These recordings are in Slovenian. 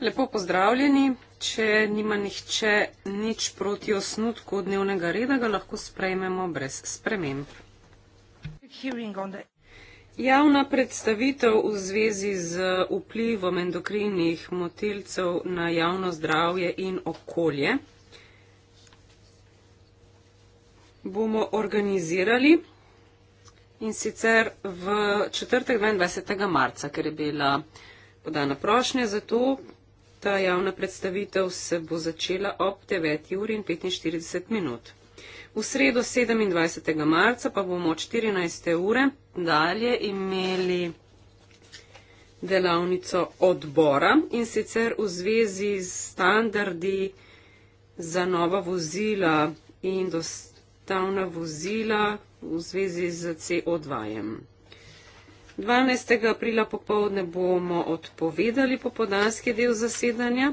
Lepo pozdravljeni. Če nima nihče nič proti osnutku dnevnega reda, ga lahko sprejmemo brez sprememb. Javna predstavitev v zvezi z vplivom endokrinnih motilcev na javno zdravje in okolje bomo organizirali in sicer v četrtek 22. marca, ker je bila podana prošnja za to. Ta javna predstavitev se bo začela ob 9. uri in 45 minut. V sredo 27. marca pa bomo od 14. ure dalje imeli delavnico odbora in sicer v zvezi s standardi za nova vozila in dostavna vozila, v zvezi z CO2. -jem. 12. aprila popovdne bomo odpovedali popodanski del zasedanja.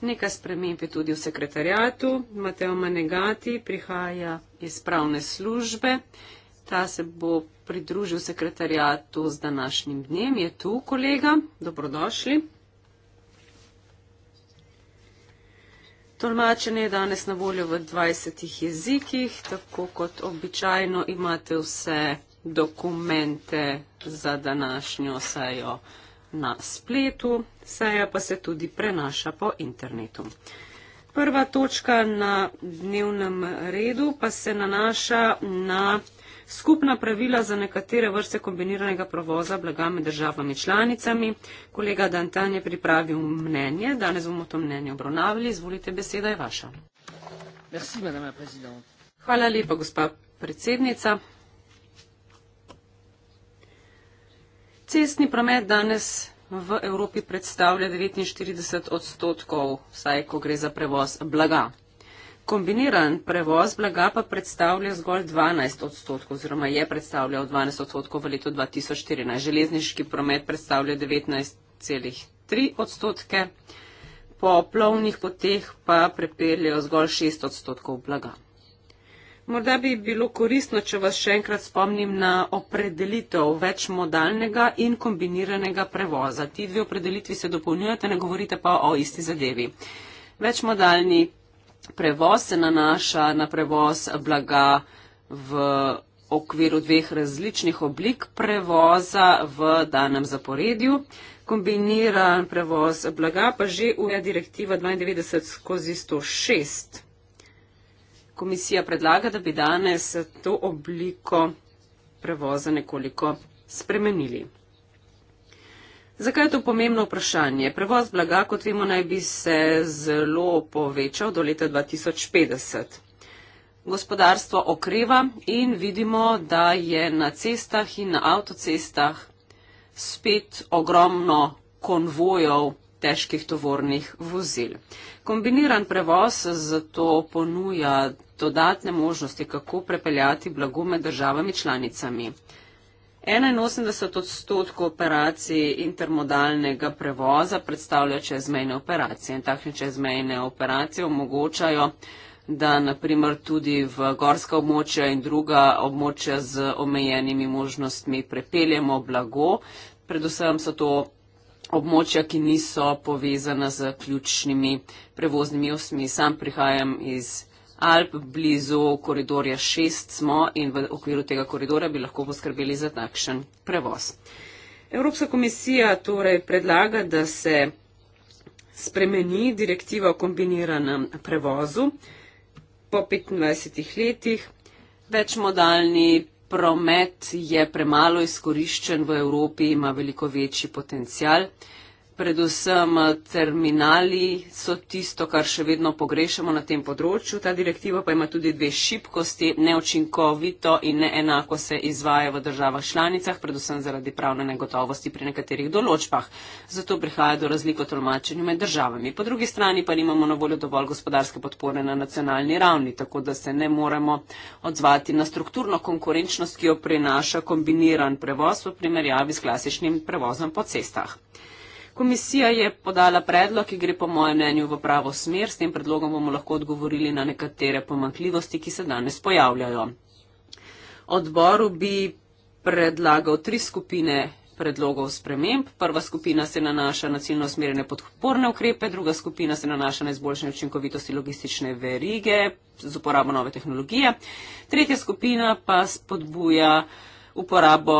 Nekaj sprememb je tudi v sekretarijatu. Mateo Manegati prihaja iz pravne službe. Ta se bo pridružil sekretarijatu z današnjim dnem. Je tu kolega. Dobrodošli. Tolmačenje je danes na voljo v 20 jezikih, tako kot običajno imate vse dokumente za današnjo sejo na spletu, seja pa se tudi prenaša po internetu. Prva točka na dnevnem redu pa se nanaša na skupna pravila za nekatere vrste kombiniranega provoza blaga med državami članicami. Kolega Dantan je pripravil mnenje, danes bomo to mnenje obravnavali. Izvolite, beseda je vaša. Merci, Hvala lepa, gospa predsednica. Cestni promet danes v Evropi predstavlja 49 odstotkov, vsaj ko gre za prevoz blaga kombiniran prevoz blaga pa predstavlja zgolj 12 odstotkov oziroma je predstavljal 12 odstotkov v letu 2014. Železniški promet predstavlja 19,3 odstotke, po plovnih poteh pa prepeljajo zgolj 6 odstotkov blaga. Morda bi bilo koristno, če vas še enkrat spomnim na opredelitev večmodalnega in kombiniranega prevoza. Ti dve opredelitvi se dopolnjujete, ne govorite pa o isti zadevi. Večmodalni prevoz se nanaša na prevoz blaga v okviru dveh različnih oblik prevoza v danem zaporedju. Kombiniran prevoz blaga pa že uja direktiva 92 skozi 106. Komisija predlaga, da bi danes to obliko prevoza nekoliko spremenili. Zakaj je to pomembno vprašanje? Prevoz blaga, kot vemo, naj bi se zelo povečal do leta 2050. Gospodarstvo okreva in vidimo, da je na cestah in na avtocestah spet ogromno konvojov težkih tovornih vozil. Kombiniran prevoz zato ponuja dodatne možnosti, kako prepeljati blago med državami članicami. 81 odstotkov operacij intermodalnega prevoza predstavlja čezmejne operacije in takšne čezmejne operacije omogočajo, da naprimer tudi v gorska območja in druga območja z omejenimi možnostmi prepeljemo blago. Predvsem so to območja, ki niso povezana z ključnimi prevoznimi osmi. Sam prihajam iz Alp, blizu koridorja 6 smo in v okviru tega koridora bi lahko poskrbeli za takšen prevoz. Evropska komisija torej predlaga, da se spremeni direktiva o kombiniranem prevozu po 25 letih. Večmodalni promet je premalo izkoriščen v Evropi, ima veliko večji potencial predvsem eh, terminali so tisto, kar še vedno pogrešamo na tem področju. Ta direktiva pa ima tudi dve šibkosti, neočinkovito in neenako se izvaja v državah članicah, predvsem zaradi pravne negotovosti pri nekaterih določbah. Zato prihaja do razliko tolmačenju med državami. Po drugi strani pa nimamo na voljo dovolj gospodarske podpore na nacionalni ravni, tako da se ne moremo odzvati na strukturno konkurenčnost, ki jo prinaša kombiniran prevoz v primerjavi s klasičnim prevozom po cestah. Komisija je podala predlog, ki gre po mojem mnenju v pravo smer. S tem predlogom bomo lahko odgovorili na nekatere pomakljivosti, ki se danes pojavljajo. Odboru bi predlagal tri skupine predlogov sprememb. Prva skupina se nanaša na ciljno usmerjene podporne ukrepe, druga skupina se nanaša na izboljšanje učinkovitosti logistične verige z uporabo nove tehnologije, tretja skupina pa spodbuja uporabo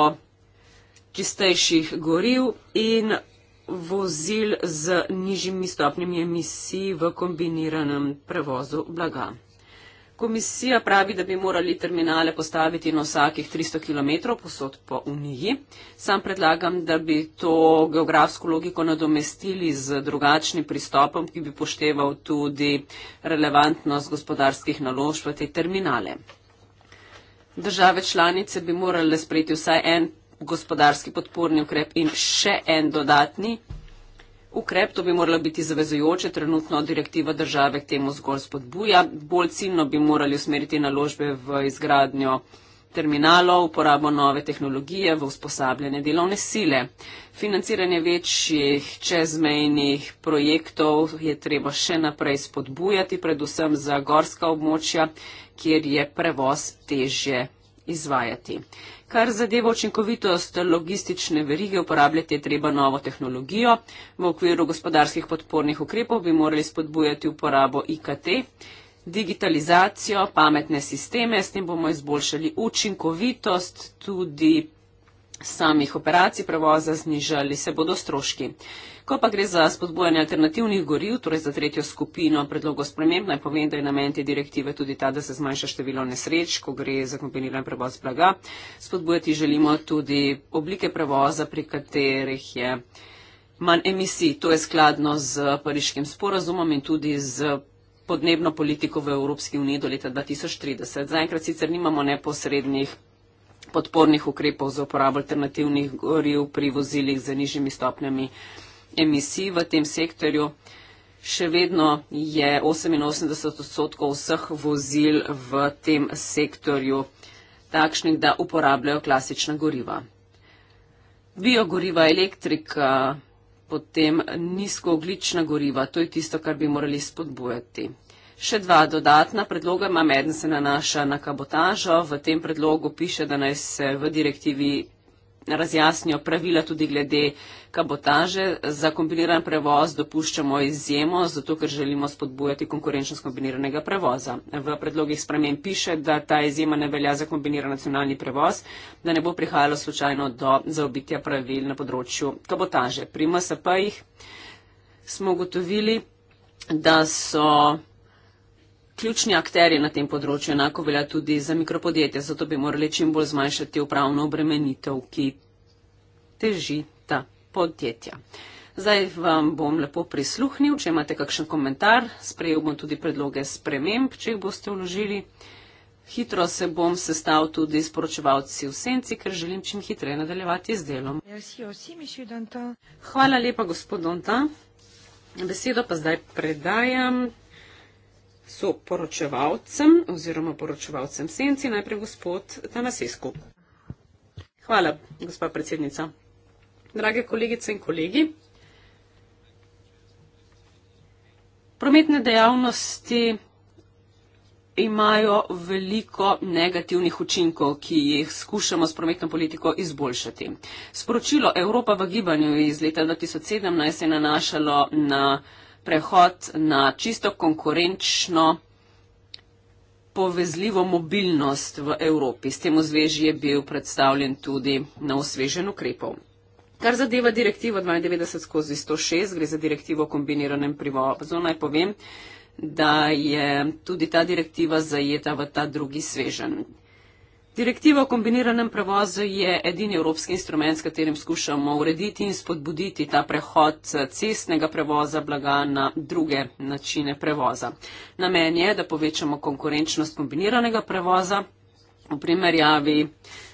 čistejših goriv in vozil z nižjimi stopnjami emisij v kombiniranem prevozu blaga. Komisija pravi, da bi morali terminale postaviti na vsakih 300 km posod po Uniji. Sam predlagam, da bi to geografsko logiko nadomestili z drugačnim pristopom, ki bi pošteval tudi relevantnost gospodarskih naložb v te terminale. Države članice bi morale sprejeti vsaj en gospodarski podporni ukrep in še en dodatni ukrep, to bi moralo biti zavezujoče, trenutno direktiva države k temu zgolj spodbuja. Bolj ciljno bi morali usmeriti naložbe v izgradnjo terminalov, uporabo nove tehnologije, v usposabljanje delovne sile. Financiranje večjih čezmejnih projektov je treba še naprej spodbujati, predvsem za gorska območja, kjer je prevoz težje izvajati. Kar zadeva očinkovitost logistične verige, uporabljati je treba novo tehnologijo. V okviru gospodarskih podpornih ukrepov bi morali spodbujati uporabo IKT, digitalizacijo, pametne sisteme, s tem bomo izboljšali učinkovitost tudi samih operacij prevoza znižali se bodo stroški. Ko pa gre za spodbojanje alternativnih goriv, torej za tretjo skupino predlogov sprememb, naj povem, da je namen te direktive tudi ta, da se zmanjša število nesreč, ko gre za kombiniran prevoz blaga. Spodbojati želimo tudi oblike prevoza, pri katerih je manj emisij. To je skladno z pariškim sporazumom in tudi z podnebno politiko v Evropski uniji do leta 2030. Zaenkrat sicer nimamo neposrednih podpornih ukrepov za uporabo alternativnih goriv pri vozilih za nižjimi stopnjami emisij v tem sektorju. Še vedno je 88 odstotkov vseh vozil v tem sektorju takšnih, da uporabljajo klasična goriva. Biogoriva, elektrika, potem nizkooglična goriva, to je tisto, kar bi morali spodbujati. Še dva dodatna predloga imam, eden se nanaša na kabotažo. V tem predlogu piše, da naj se v direktivi razjasnijo pravila tudi glede kabotaže. Za kombiniran prevoz dopuščamo izjemo, zato ker želimo spodbujati konkurenčnost kombiniranega prevoza. V predlogih spremen piše, da ta izjema ne velja za kombiniran nacionalni prevoz, da ne bo prihajalo slučajno do zaobitja pravil na področju kabotaže. Pri MSP-jih smo ugotovili, da so ključni akteri na tem področju, enako velja tudi za mikropodjetje, zato bi morali čim bolj zmanjšati upravno obremenitev, ki teži ta podjetja. Zdaj vam bom lepo prisluhnil, če imate kakšen komentar, sprejel bom tudi predloge sprememb, če jih boste vložili. Hitro se bom sestal tudi s poročevalci v senci, ker želim čim hitreje nadaljevati z delom. Hvala lepa, gospod Donta. Besedo pa zdaj predajam soporočevalcem oziroma poročevalcem senci, najprej gospod Tanasesku. Hvala, gospa predsednica. Drage kolegice in kolegi, prometne dejavnosti imajo veliko negativnih učinkov, ki jih skušamo s prometno politiko izboljšati. Sporočilo Evropa v gibanju iz leta 2017 je nanašalo na prehod na čisto konkurenčno povezljivo mobilnost v Evropi. S tem v zveži je bil predstavljen tudi na osvežen ukrepov. Kar zadeva direktivo 92 skozi 106, gre za direktivo o kombiniranem privozu, naj povem, da je tudi ta direktiva zajeta v ta drugi svežen. Direktiva o kombiniranem prevozu je edini evropski instrument, s katerim skušamo urediti in spodbuditi ta prehod cestnega prevoza blaga na druge načine prevoza. Namen je, da povečamo konkurenčnost kombiniranega prevoza v primerjavi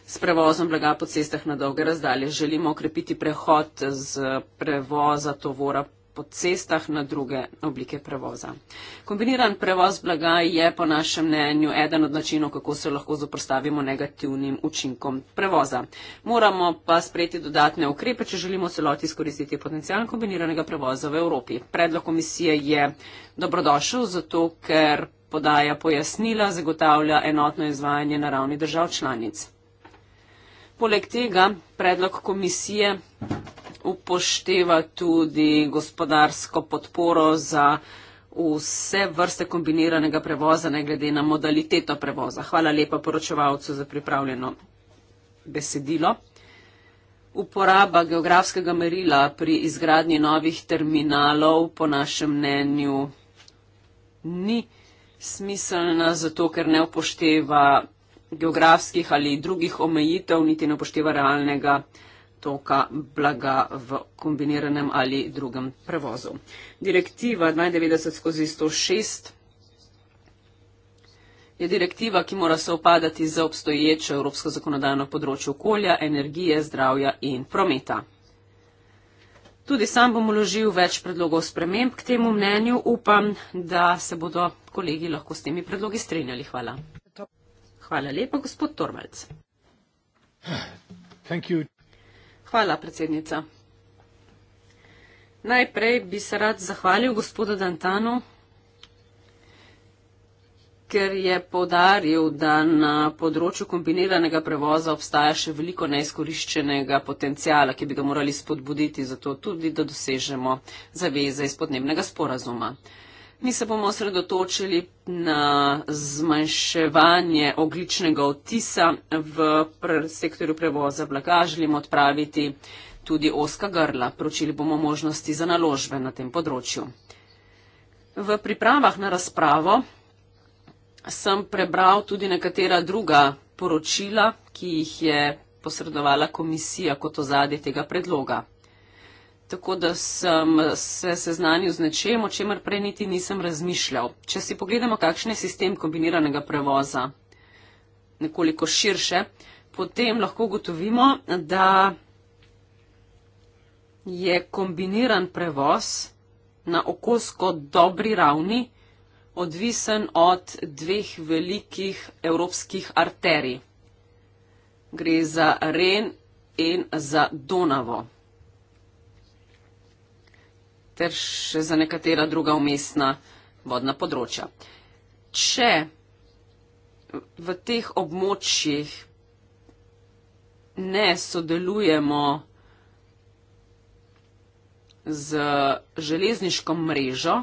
s prevozom blaga po cestah na dolge razdalje. Želimo okrepiti prehod z prevoza tovora po cestah na druge oblike prevoza. Kombiniran prevoz blaga je po našem mnenju eden od načinov, kako se lahko zoprstavimo negativnim učinkom prevoza. Moramo pa sprejeti dodatne ukrepe, če želimo celoti izkoristiti potencial kombiniranega prevoza v Evropi. Predlog komisije je dobrodošel, zato ker podaja pojasnila, zagotavlja enotno izvajanje na ravni držav članic. Poleg tega predlog komisije upošteva tudi gospodarsko podporo za vse vrste kombiniranega prevoza, ne glede na modaliteto prevoza. Hvala lepa poročevalcu za pripravljeno besedilo. Uporaba geografskega merila pri izgradnji novih terminalov po našem mnenju ni smiselna, zato ker ne upošteva geografskih ali drugih omejitev, niti ne upošteva realnega pretoka blaga v kombiniranem ali drugem prevozu. Direktiva 92 skozi 106 je direktiva, ki mora se opadati za obstoječe evropsko zakonodajno področje okolja, energije, zdravja in prometa. Tudi sam bom uložil več predlogov sprememb k temu mnenju. Upam, da se bodo kolegi lahko s temi predlogi strinjali. Hvala. Hvala lepa, gospod Torvalc. Hvala, predsednica. Najprej bi se rad zahvalil gospodu Dantanu, ker je povdaril, da na področju kombiniranega prevoza obstaja še veliko neizkoriščenega potencijala, ki bi ga morali spodbuditi, zato tudi, da dosežemo zaveze iz podnebnega sporazuma. Mi se bomo osredotočili na zmanjševanje ogličnega otisa v sektorju prevoza blaga. Želimo odpraviti tudi oska grla. Pročili bomo možnosti za naložbe na tem področju. V pripravah na razpravo sem prebral tudi nekatera druga poročila, ki jih je posredovala komisija kot ozadje tega predloga. Tako da sem se seznanil z nečem, o čemer prej niti nisem razmišljal. Če si pogledamo, kakšen je sistem kombiniranega prevoza nekoliko širše, potem lahko gotovimo, da je kombiniran prevoz na okoljsko dobri ravni odvisen od dveh velikih evropskih arterij. Gre za Ren in za Donavo ter še za nekatera druga umestna vodna področja. Če v teh območjih ne sodelujemo z železniško mrežo,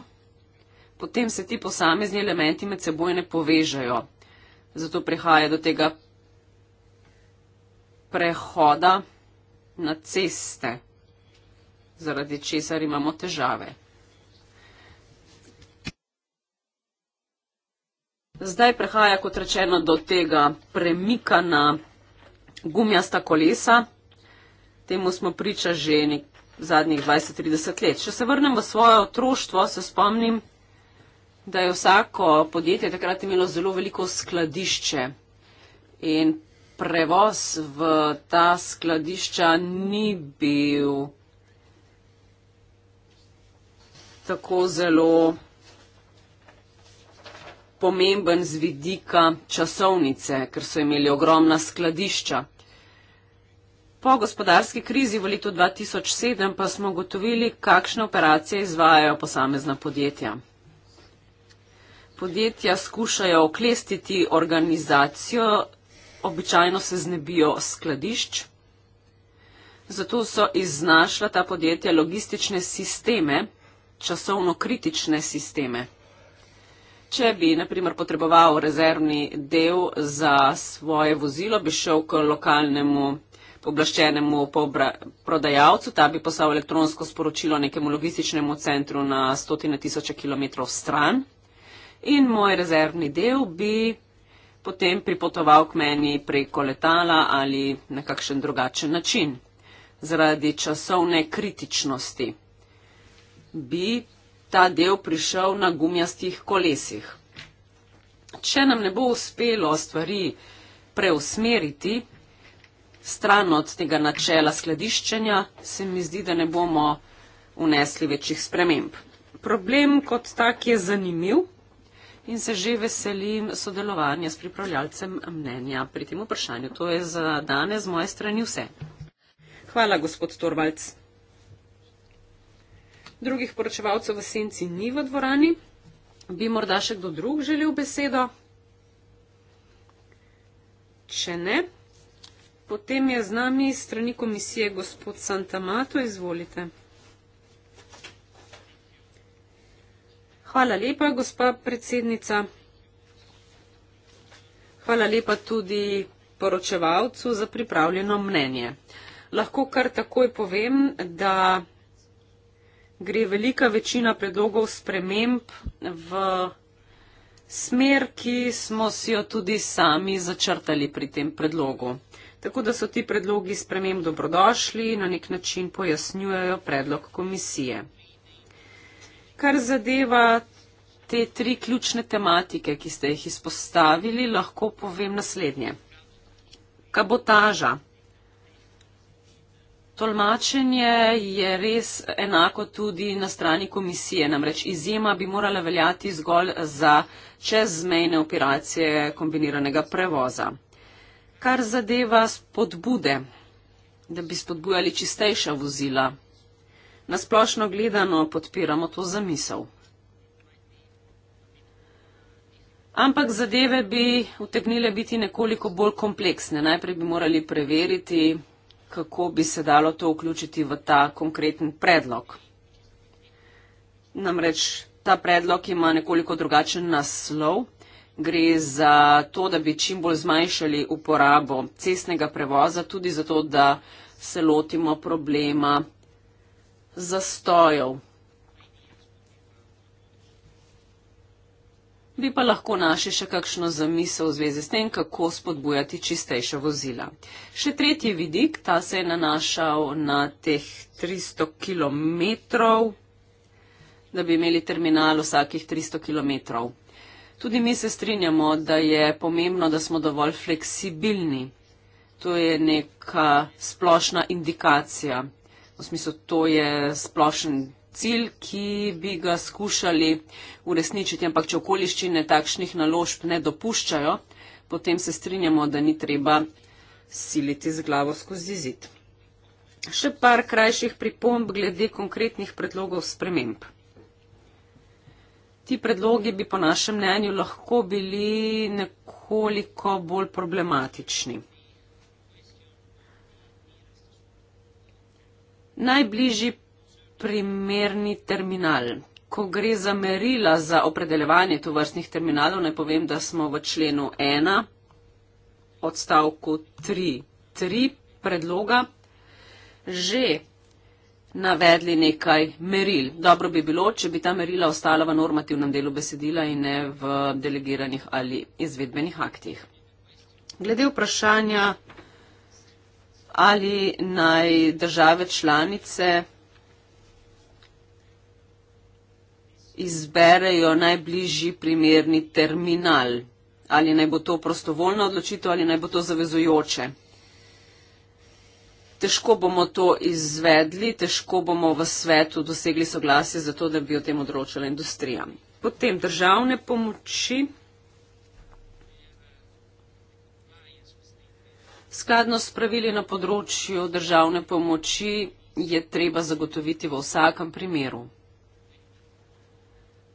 potem se ti posamezni elementi med seboj ne povežajo. Zato prihaja do tega prehoda na ceste zaradi česar imamo težave. Zdaj prehaja, kot rečeno, do tega premika na gumijasta kolesa. Temu smo priča že nek zadnjih 20-30 let. Če se vrnem v svoje otroštvo, se spomnim, da je vsako podjetje takrat imelo zelo veliko skladišče in prevoz v ta skladišča ni bil tako zelo pomemben z vidika časovnice, ker so imeli ogromna skladišča. Po gospodarski krizi v letu 2007 pa smo gotovili, kakšne operacije izvajajo posamezna podjetja. Podjetja skušajo oklestiti organizacijo, običajno se znebijo skladišč. Zato so iznašla ta podjetja logistične sisteme, časovno kritične sisteme. Če bi, naprimer, potreboval rezervni del za svoje vozilo, bi šel k lokalnemu oblaščenemu prodajalcu, ta bi poslal elektronsko sporočilo nekemu logističnemu centru na stotine tisoče kilometrov stran in moj rezervni del bi potem pripotoval k meni preko letala ali na kakšen drugačen način zaradi časovne kritičnosti bi ta del prišel na gumijastih kolesih. Če nam ne bo uspelo stvari preusmeriti stran od tega načela skladiščenja, se mi zdi, da ne bomo unesli večjih sprememb. Problem kot tak je zanimiv in se že veselim sodelovanja s pripravljalcem mnenja pri tem vprašanju. To je za danes z moje strani vse. Hvala, gospod Torvalc drugih poročevalcev v senci ni v dvorani. Bi morda še kdo drug želel besedo? Če ne, potem je z nami strani komisije gospod Santamato. Izvolite. Hvala lepa, gospa predsednica. Hvala lepa tudi poročevalcu za pripravljeno mnenje. Lahko kar takoj povem, da gre velika večina predlogov sprememb v smer, ki smo si jo tudi sami začrtali pri tem predlogu. Tako da so ti predlogi sprememb dobrodošli in na nek način pojasnjujejo predlog komisije. Kar zadeva te tri ključne tematike, ki ste jih izpostavili, lahko povem naslednje. Kabotaža. Tolmačenje je res enako tudi na strani komisije, namreč izjema bi morala veljati zgolj za čezmejne operacije kombiniranega prevoza. Kar zadeva spodbude, da bi spodbujali čistejša vozila, nasplošno gledano podpiramo to zamisel. Ampak zadeve bi utegnile biti nekoliko bolj kompleksne. Najprej bi morali preveriti, kako bi se dalo to vključiti v ta konkreten predlog. Namreč ta predlog ima nekoliko drugačen naslov. Gre za to, da bi čim bolj zmanjšali uporabo cestnega prevoza, tudi zato, da se lotimo problema zastojev Bi pa lahko našli še kakšno zamisel v zvezi s tem, kako spodbujati čistejša vozila. Še tretji vidik, ta se je nanašal na teh 300 km, da bi imeli terminal vsakih 300 km. Tudi mi se strinjamo, da je pomembno, da smo dovolj fleksibilni. To je neka splošna indikacija. V smislu, to je splošen cilj, ki bi ga skušali uresničiti, ampak če okoliščine takšnih naložb ne dopuščajo, potem se strinjamo, da ni treba siliti z glavo skozi zid. Še par krajših pripomb glede konkretnih predlogov sprememb. Ti predlogi bi po našem mnenju lahko bili nekoliko bolj problematični. Najbližji primerni terminal. Ko gre za merila za opredeljevanje tu vrstnih terminalov, naj povem, da smo v členu 1 odstavku 3, 3 predloga že navedli nekaj meril. Dobro bi bilo, če bi ta merila ostala v normativnem delu besedila in ne v delegiranih ali izvedbenih aktih. Glede vprašanja, ali naj države članice izberejo najbližji primerni terminal. Ali naj bo to prostovoljna odločitev ali naj bo to zavezujoče. Težko bomo to izvedli, težko bomo v svetu dosegli soglasje za to, da bi o tem odročila industrija. Potem državne pomoči. Skladno s pravili na področju državne pomoči je treba zagotoviti v vsakem primeru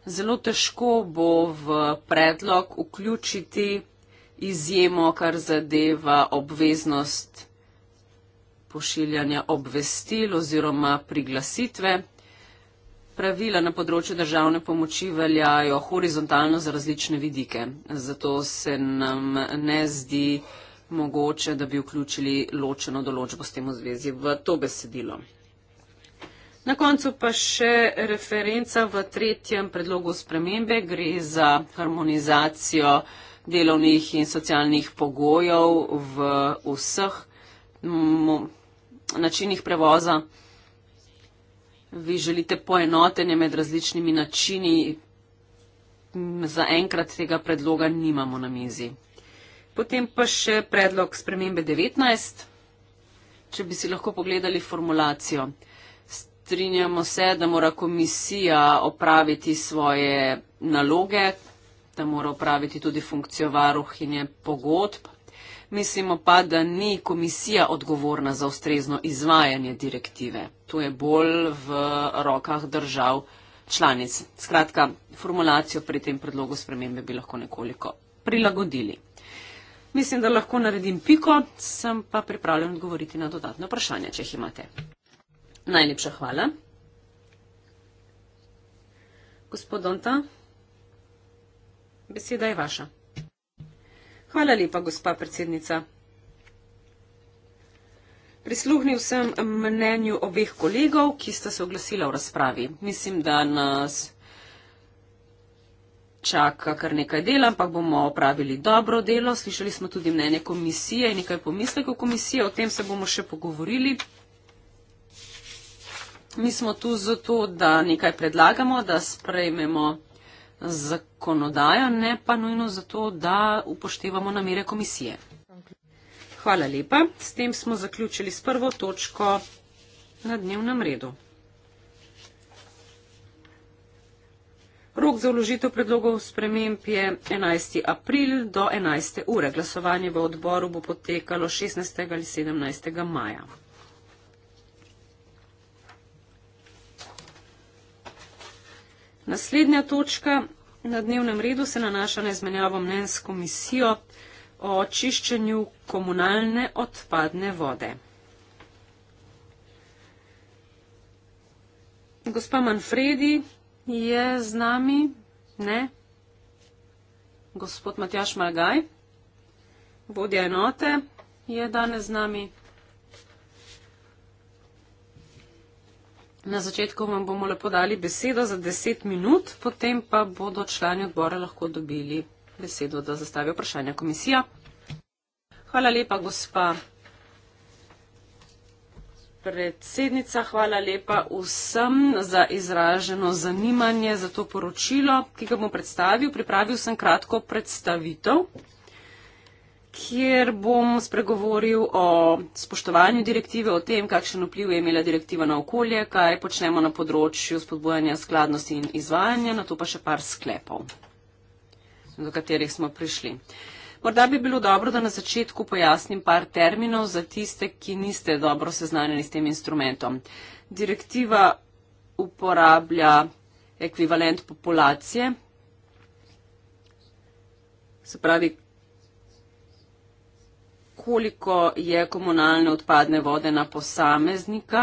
zelo težko bo v predlog vključiti izjemo, kar zadeva obveznost pošiljanja obvestil oziroma priglasitve. Pravila na področju državne pomoči veljajo horizontalno za različne vidike, zato se nam ne zdi mogoče, da bi vključili ločeno določbo s tem v zvezi v to besedilo. Na koncu pa še referenca v tretjem predlogu spremembe. Gre za harmonizacijo delovnih in socialnih pogojev v vseh načinih prevoza. Vi želite poenotenje med različnimi načini. Za enkrat tega predloga nimamo na mizi. Potem pa še predlog spremembe 19. Če bi si lahko pogledali formulacijo strinjamo se, da mora komisija opraviti svoje naloge, da mora opraviti tudi funkcijo varuhinje pogodb. Mislimo pa, da ni komisija odgovorna za ustrezno izvajanje direktive. To je bolj v rokah držav članic. Skratka, formulacijo pri tem predlogu spremembe bi lahko nekoliko prilagodili. Mislim, da lahko naredim piko, sem pa pripravljen odgovoriti na dodatno vprašanje, če jih imate. Najlepša hvala. Gospod Donta, beseda je vaša. Hvala lepa, gospa predsednica. Prisluhnil sem mnenju obeh kolegov, ki sta se oglasila v razpravi. Mislim, da nas čaka kar nekaj dela, ampak bomo opravili dobro delo. Slišali smo tudi mnenje komisije in nekaj pomislekov komisije. O tem se bomo še pogovorili. Mi smo tu zato, da nekaj predlagamo, da sprejmemo zakonodajo, ne pa nujno zato, da upoštevamo namere komisije. Hvala lepa. S tem smo zaključili s prvo točko na dnevnem redu. Rok za vložitev predlogov sprememb je 11. april do 11. ure. Glasovanje v odboru bo potekalo 16. ali 17. maja. Naslednja točka na dnevnem redu se nanaša na izmenjavo mnen s komisijo o očiščenju komunalne odpadne vode. Gospa Manfredi je z nami, ne? Gospod Matjaš Malgaj, vodja enote, je danes z nami. Na začetku vam bomo lepo dali besedo za 10 minut, potem pa bodo člani odbora lahko dobili besedo, da zastavijo vprašanja komisija. Hvala lepa, gospa predsednica. Hvala lepa vsem za izraženo zanimanje za to poročilo, ki ga bom predstavil. Pripravil sem kratko predstavitev kjer bom spregovoril o spoštovanju direktive, o tem, kakšen vpliv je imela direktiva na okolje, kaj počnemo na področju spodbojanja skladnosti in izvajanja, na to pa še par sklepov, do katerih smo prišli. Morda bi bilo dobro, da na začetku pojasnim par terminov za tiste, ki niste dobro seznanjeni s tem instrumentom. Direktiva uporablja ekvivalent populacije, se pravi, koliko je komunalne odpadne vode na posameznika.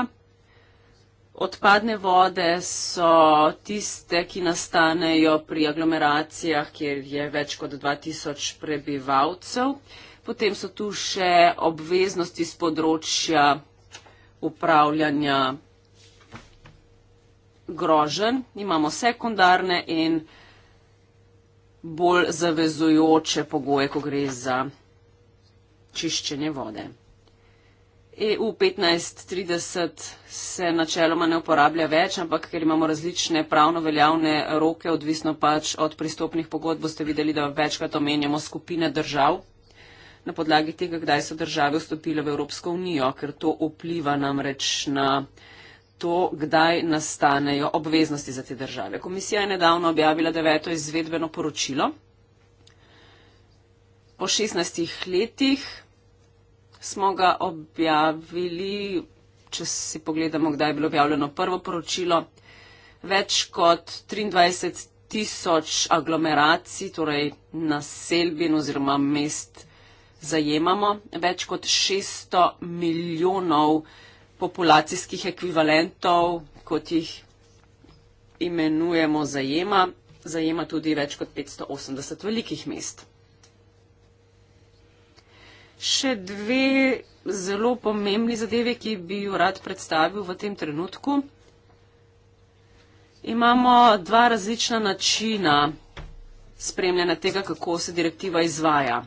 Odpadne vode so tiste, ki nastanejo pri aglomeracijah, kjer je več kot 2000 prebivalcev. Potem so tu še obveznosti z področja upravljanja grožen. Imamo sekundarne in bolj zavezujoče pogoje, ko gre za čiščenje vode. EU 1530 se načeloma ne uporablja več, ampak ker imamo različne pravno veljavne roke, odvisno pač od pristopnih pogodb, boste videli, da večkrat omenjamo skupine držav na podlagi tega, kdaj so države vstopile v Evropsko unijo, ker to vpliva namreč na to, kdaj nastanejo obveznosti za te države. Komisija je nedavno objavila deveto izvedbeno poročilo. Po 16 letih smo ga objavili, če si pogledamo, kdaj je bilo objavljeno prvo poročilo, več kot 23 tisoč aglomeracij, torej naselbin oziroma mest zajemamo, več kot 600 milijonov populacijskih ekvivalentov, kot jih imenujemo zajema, zajema tudi več kot 580 velikih mest še dve zelo pomembni zadeve, ki bi jo rad predstavil v tem trenutku. Imamo dva različna načina spremljanja tega, kako se direktiva izvaja.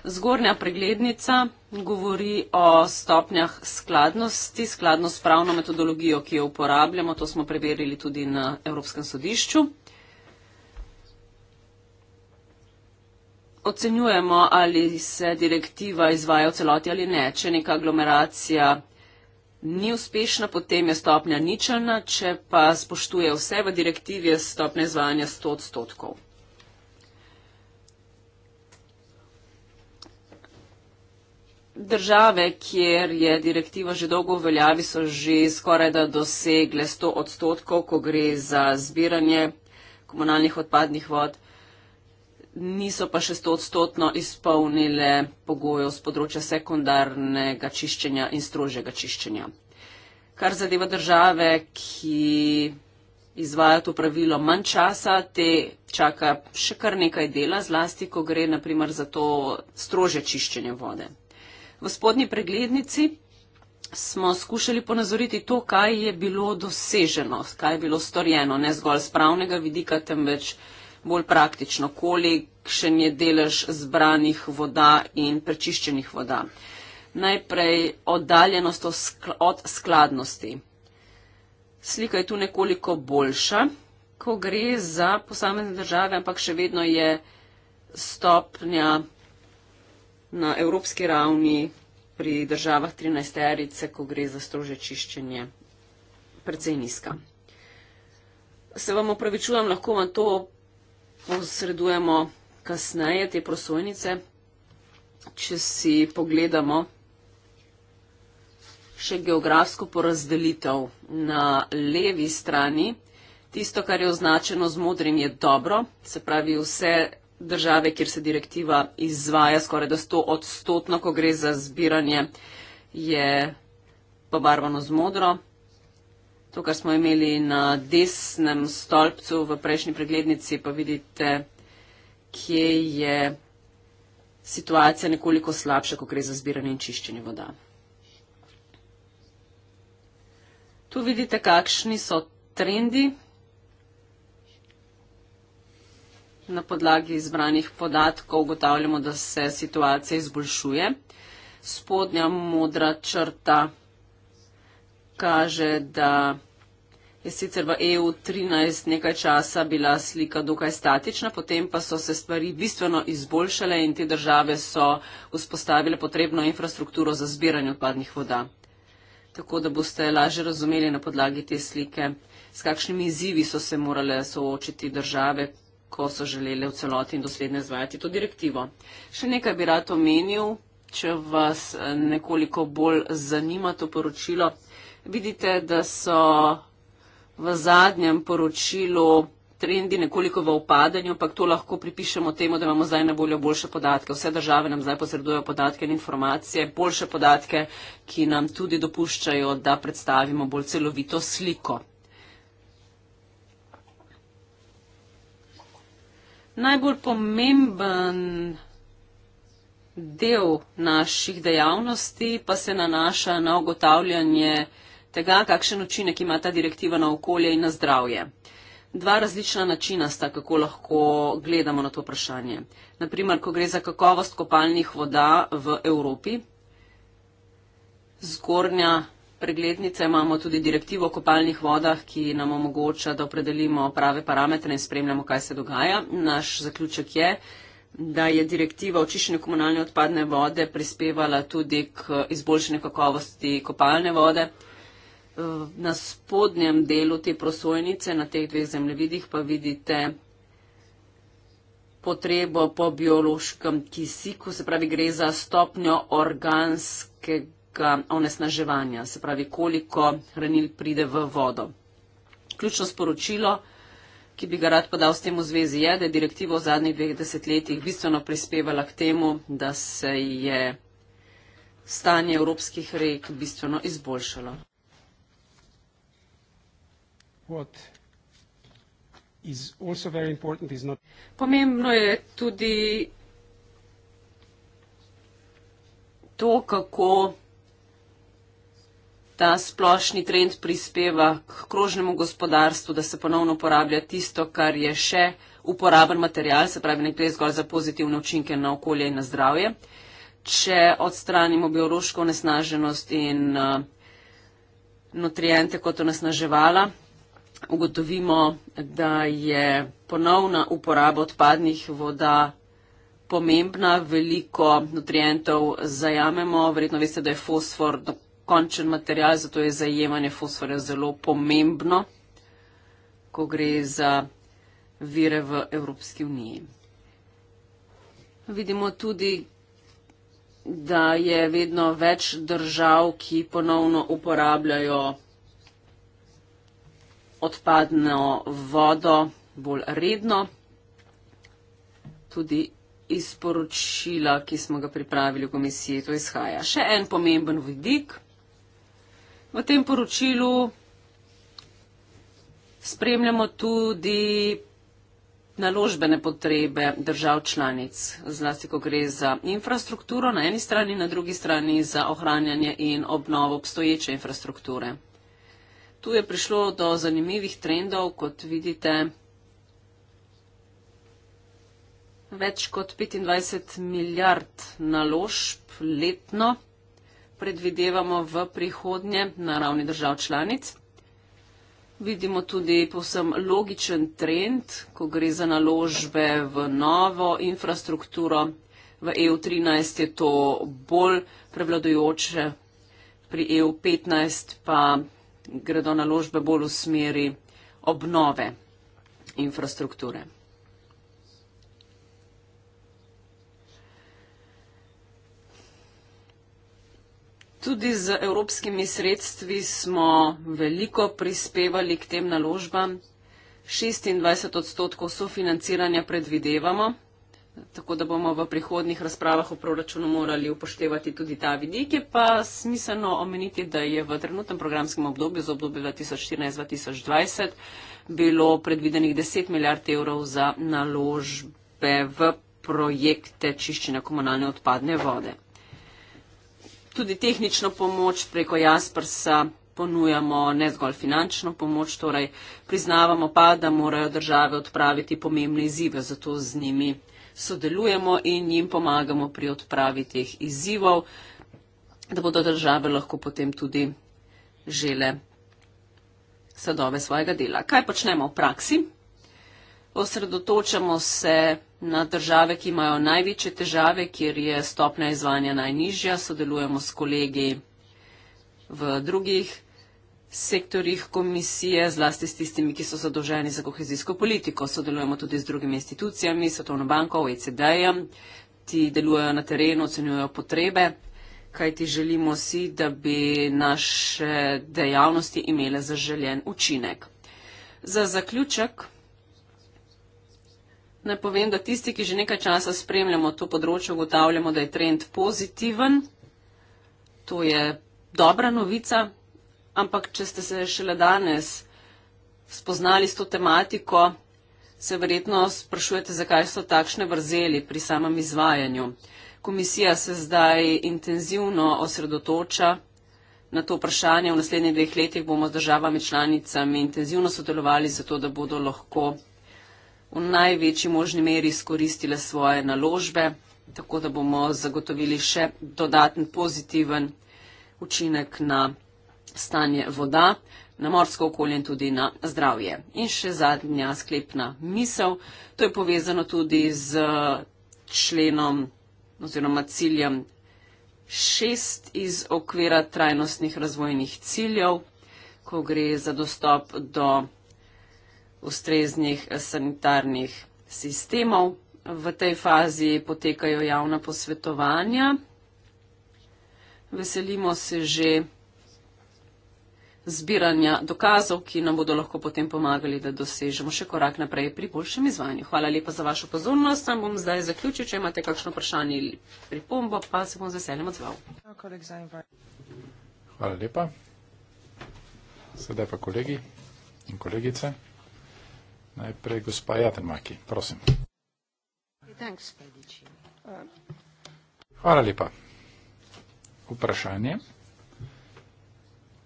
Zgornja preglednica govori o stopnjah skladnosti, skladno s pravno metodologijo, ki jo uporabljamo, to smo preverili tudi na Evropskem sodišču. ocenjujemo, ali se direktiva izvaja v celoti ali ne. Če neka aglomeracija ni uspešna, potem je stopnja ničelna, če pa spoštuje vse v direktivi, je stopnja izvajanja 100 odstotkov. Države, kjer je direktiva že dolgo v veljavi, so že skoraj da dosegle 100 odstotkov, ko gre za zbiranje komunalnih odpadnih vod niso pa še stotstotno izpolnile pogojev z področja sekundarnega čiščenja in strožjega čiščenja. Kar zadeva države, ki izvajajo to pravilo manj časa, te čaka še kar nekaj dela, zlasti, ko gre naprimer za to strože čiščenje vode. V spodnji preglednici smo skušali ponazoriti to, kaj je bilo doseženo, kaj je bilo storjeno, ne zgolj z pravnega vidika, temveč bolj praktično, kolikšen je delež zbranih voda in prečiščenih voda. Najprej oddaljenost od skladnosti. Slika je tu nekoliko boljša, ko gre za posamezne države, ampak še vedno je stopnja na evropski ravni pri državah 13. erice, ko gre za strože čiščenje, precej nizka. Se vam opravičujem, lahko vam to posredujemo kasneje te prosojnice. Če si pogledamo še geografsko porazdelitev na levi strani, tisto, kar je označeno z modrim, je dobro, se pravi vse države, kjer se direktiva izvaja skoraj da 100 odstotno, ko gre za zbiranje, je pobarvano z modro. To, kar smo imeli na desnem stolpcu v prejšnji preglednici, pa vidite, kje je situacija nekoliko slabša, ko gre za zbiranje in čiščenje voda. Tu vidite, kakšni so trendi na podlagi izbranih podatkov. Ugotavljamo, da se situacija izboljšuje. Spodnja modra črta kaže, da je sicer v EU 13 nekaj časa bila slika dokaj statična, potem pa so se stvari bistveno izboljšale in te države so vzpostavile potrebno infrastrukturo za zbiranje odpadnih voda. Tako da boste lažje razumeli na podlagi te slike, s kakšnimi izzivi so se morale soočiti države, ko so želele v celoti in dosledne izvajati to direktivo. Še nekaj bi rad omenil, če vas nekoliko bolj zanima to poročilo vidite, da so v zadnjem poročilu trendi nekoliko v upadanju, ampak to lahko pripišemo temu, da imamo zdaj na voljo boljše podatke. Vse države nam zdaj posredujejo podatke in informacije, boljše podatke, ki nam tudi dopuščajo, da predstavimo bolj celovito sliko. Najbolj pomemben del naših dejavnosti pa se nanaša na ugotavljanje tega, kakšen učinek ima ta direktiva na okolje in na zdravje. Dva različna načina sta, kako lahko gledamo na to vprašanje. Naprimer, ko gre za kakovost kopalnih voda v Evropi, zgornja preglednica imamo tudi direktivo o kopalnih vodah, ki nam omogoča, da opredelimo prave parametre in spremljamo, kaj se dogaja. Naš zaključek je, da je direktiva o čiščenju komunalne odpadne vode prispevala tudi k izboljšanju kakovosti kopalne vode. Eh, na spodnjem delu te prosojnice, na teh dveh zemljevidih, pa vidite potrebo po biološkem kisiku, se pravi, gre za stopnjo organskega onesnaževanja, se pravi, koliko hranil pride v vodo. Ključno sporočilo, ki bi ga rad podal s tem v zvezi, je, da je direktiva v zadnjih dveh desetletjih bistveno prispevala k temu, da se je stanje evropskih rek bistveno izboljšalo. Pomembno je tudi to, kako ta splošni trend prispeva k krožnemu gospodarstvu, da se ponovno uporablja tisto, kar je še uporaben material, se pravi, ne gre zgolj za pozitivne učinke na okolje in na zdravje. Če odstranimo biološko onesnaženost in uh, nutriente kot onesnaževala, ugotovimo, da je ponovna uporaba odpadnih voda pomembna, veliko nutrientov zajamemo, verjetno veste, da je fosfor dokončen material, zato je zajemanje fosfora zelo pomembno, ko gre za vire v Evropski uniji. Vidimo tudi, da je vedno več držav, ki ponovno uporabljajo odpadno vodo bolj redno. Tudi iz poročila, ki smo ga pripravili v komisiji, to izhaja. Še en pomemben vidik. V tem poročilu spremljamo tudi naložbene potrebe držav članic, zlasti ko gre za infrastrukturo na eni strani, na drugi strani za ohranjanje in obnovo obstoječe infrastrukture. Tu je prišlo do zanimivih trendov, kot vidite. Več kot 25 milijard naložb letno predvidevamo v prihodnje na ravni držav članic. Vidimo tudi povsem logičen trend, ko gre za naložbe v novo infrastrukturo. V EU13 je to bolj prevladojoče, pri EU15 pa gredo naložbe bolj v smeri obnove infrastrukture. Tudi z evropskimi sredstvi smo veliko prispevali k tem naložbam. 26 odstotkov sofinanciranja predvidevamo. Tako da bomo v prihodnih razpravah o proračunu morali upoštevati tudi ta vidik. Je pa smiselno omeniti, da je v trenutnem programskem obdobju za obdobje 2014-2020 bilo predvidenih 10 milijard evrov za naložbe v projekte čiščenja komunalne odpadne vode. Tudi tehnično pomoč preko Jaspersa ponujamo ne zgolj finančno pomoč, torej priznavamo pa, da morajo države odpraviti pomembne izzive, zato z njimi sodelujemo in jim pomagamo pri odpravi teh izzivov, da bodo države lahko potem tudi žele sadove svojega dela. Kaj počnemo v praksi? Osredotočamo se na države, ki imajo največje težave, kjer je stopnja izvanja najnižja, sodelujemo s kolegi v drugih državah sektorjih komisije, zlasti s tistimi, ki so zadolženi za kohezijsko politiko. Sodelujemo tudi z drugimi institucijami, Svetovno banko, OECD-jem, ti delujejo na terenu, ocenjujejo potrebe, kajti želimo si, da bi naše dejavnosti imele zaželjen učinek. Za zaključek naj povem, da tisti, ki že nekaj časa spremljamo to področje, ugotavljamo, da je trend pozitiven. To je dobra novica, ampak če ste se šele danes spoznali s to tematiko, se verjetno sprašujete, zakaj so takšne vrzeli pri samem izvajanju. Komisija se zdaj intenzivno osredotoča na to vprašanje. V naslednjih dveh letih bomo z državami članicami intenzivno sodelovali za to, da bodo lahko v največji možni meri izkoristile svoje naložbe, tako da bomo zagotovili še dodaten pozitiven učinek na stanje voda, na morsko okolje in tudi na zdravje. In še zadnja sklepna misel, to je povezano tudi z členom oziroma ciljem šest iz okvira trajnostnih razvojnih ciljev, ko gre za dostop do ustreznih sanitarnih sistemov. V tej fazi potekajo javna posvetovanja. Veselimo se že zbiranja dokazov, ki nam bodo lahko potem pomagali, da dosežemo še korak naprej pri boljšem izvanju. Hvala lepa za vašo pozornost. Sam bom zdaj zaključil, če imate kakšno vprašanje ali pripombo, pa se bom z veseljem odzval. Hvala lepa. Sedaj pa kolegi in kolegice. Najprej gospa Jatenmaki, prosim. Hvala lepa. Vprašanje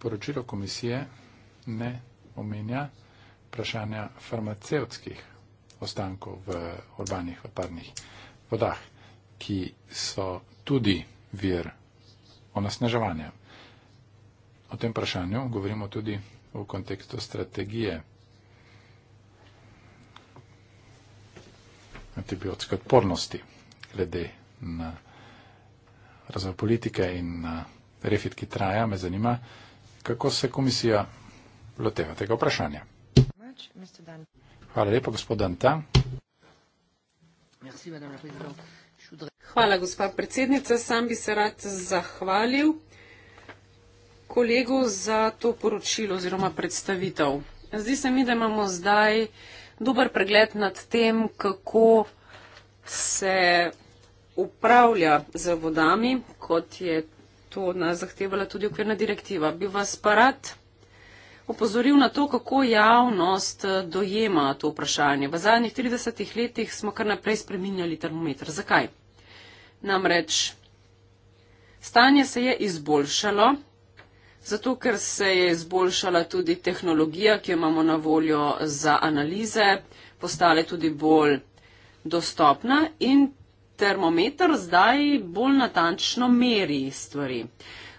poročilo komisije ne omenja vprašanja farmacevtskih ostankov v urbanih odpadnih vodah, ki so tudi vir onesnaževanja. O tem vprašanju govorimo tudi v kontekstu strategije antibiotske odpornosti glede na razvoj politike in na refit, ki traja. Me zanima, kako se komisija loteva tega vprašanja. Hvala lepa, gospod Danta. Hvala, gospa predsednica. Sam bi se rad zahvalil kolegu za to poročilo oziroma predstavitev. Zdi se mi, da imamo zdaj dober pregled nad tem, kako se upravlja z vodami, kot je to od nas zahtevala tudi okvirna direktiva. Bi vas pa rad opozoril na to, kako javnost eh, dojema to vprašanje. V zadnjih 30 letih smo kar naprej spreminjali termometr. Zakaj? Namreč stanje se je izboljšalo, zato ker se je izboljšala tudi tehnologija, ki jo imamo na voljo za analize, postale tudi bolj dostopna in termometer zdaj bolj natančno meri stvari.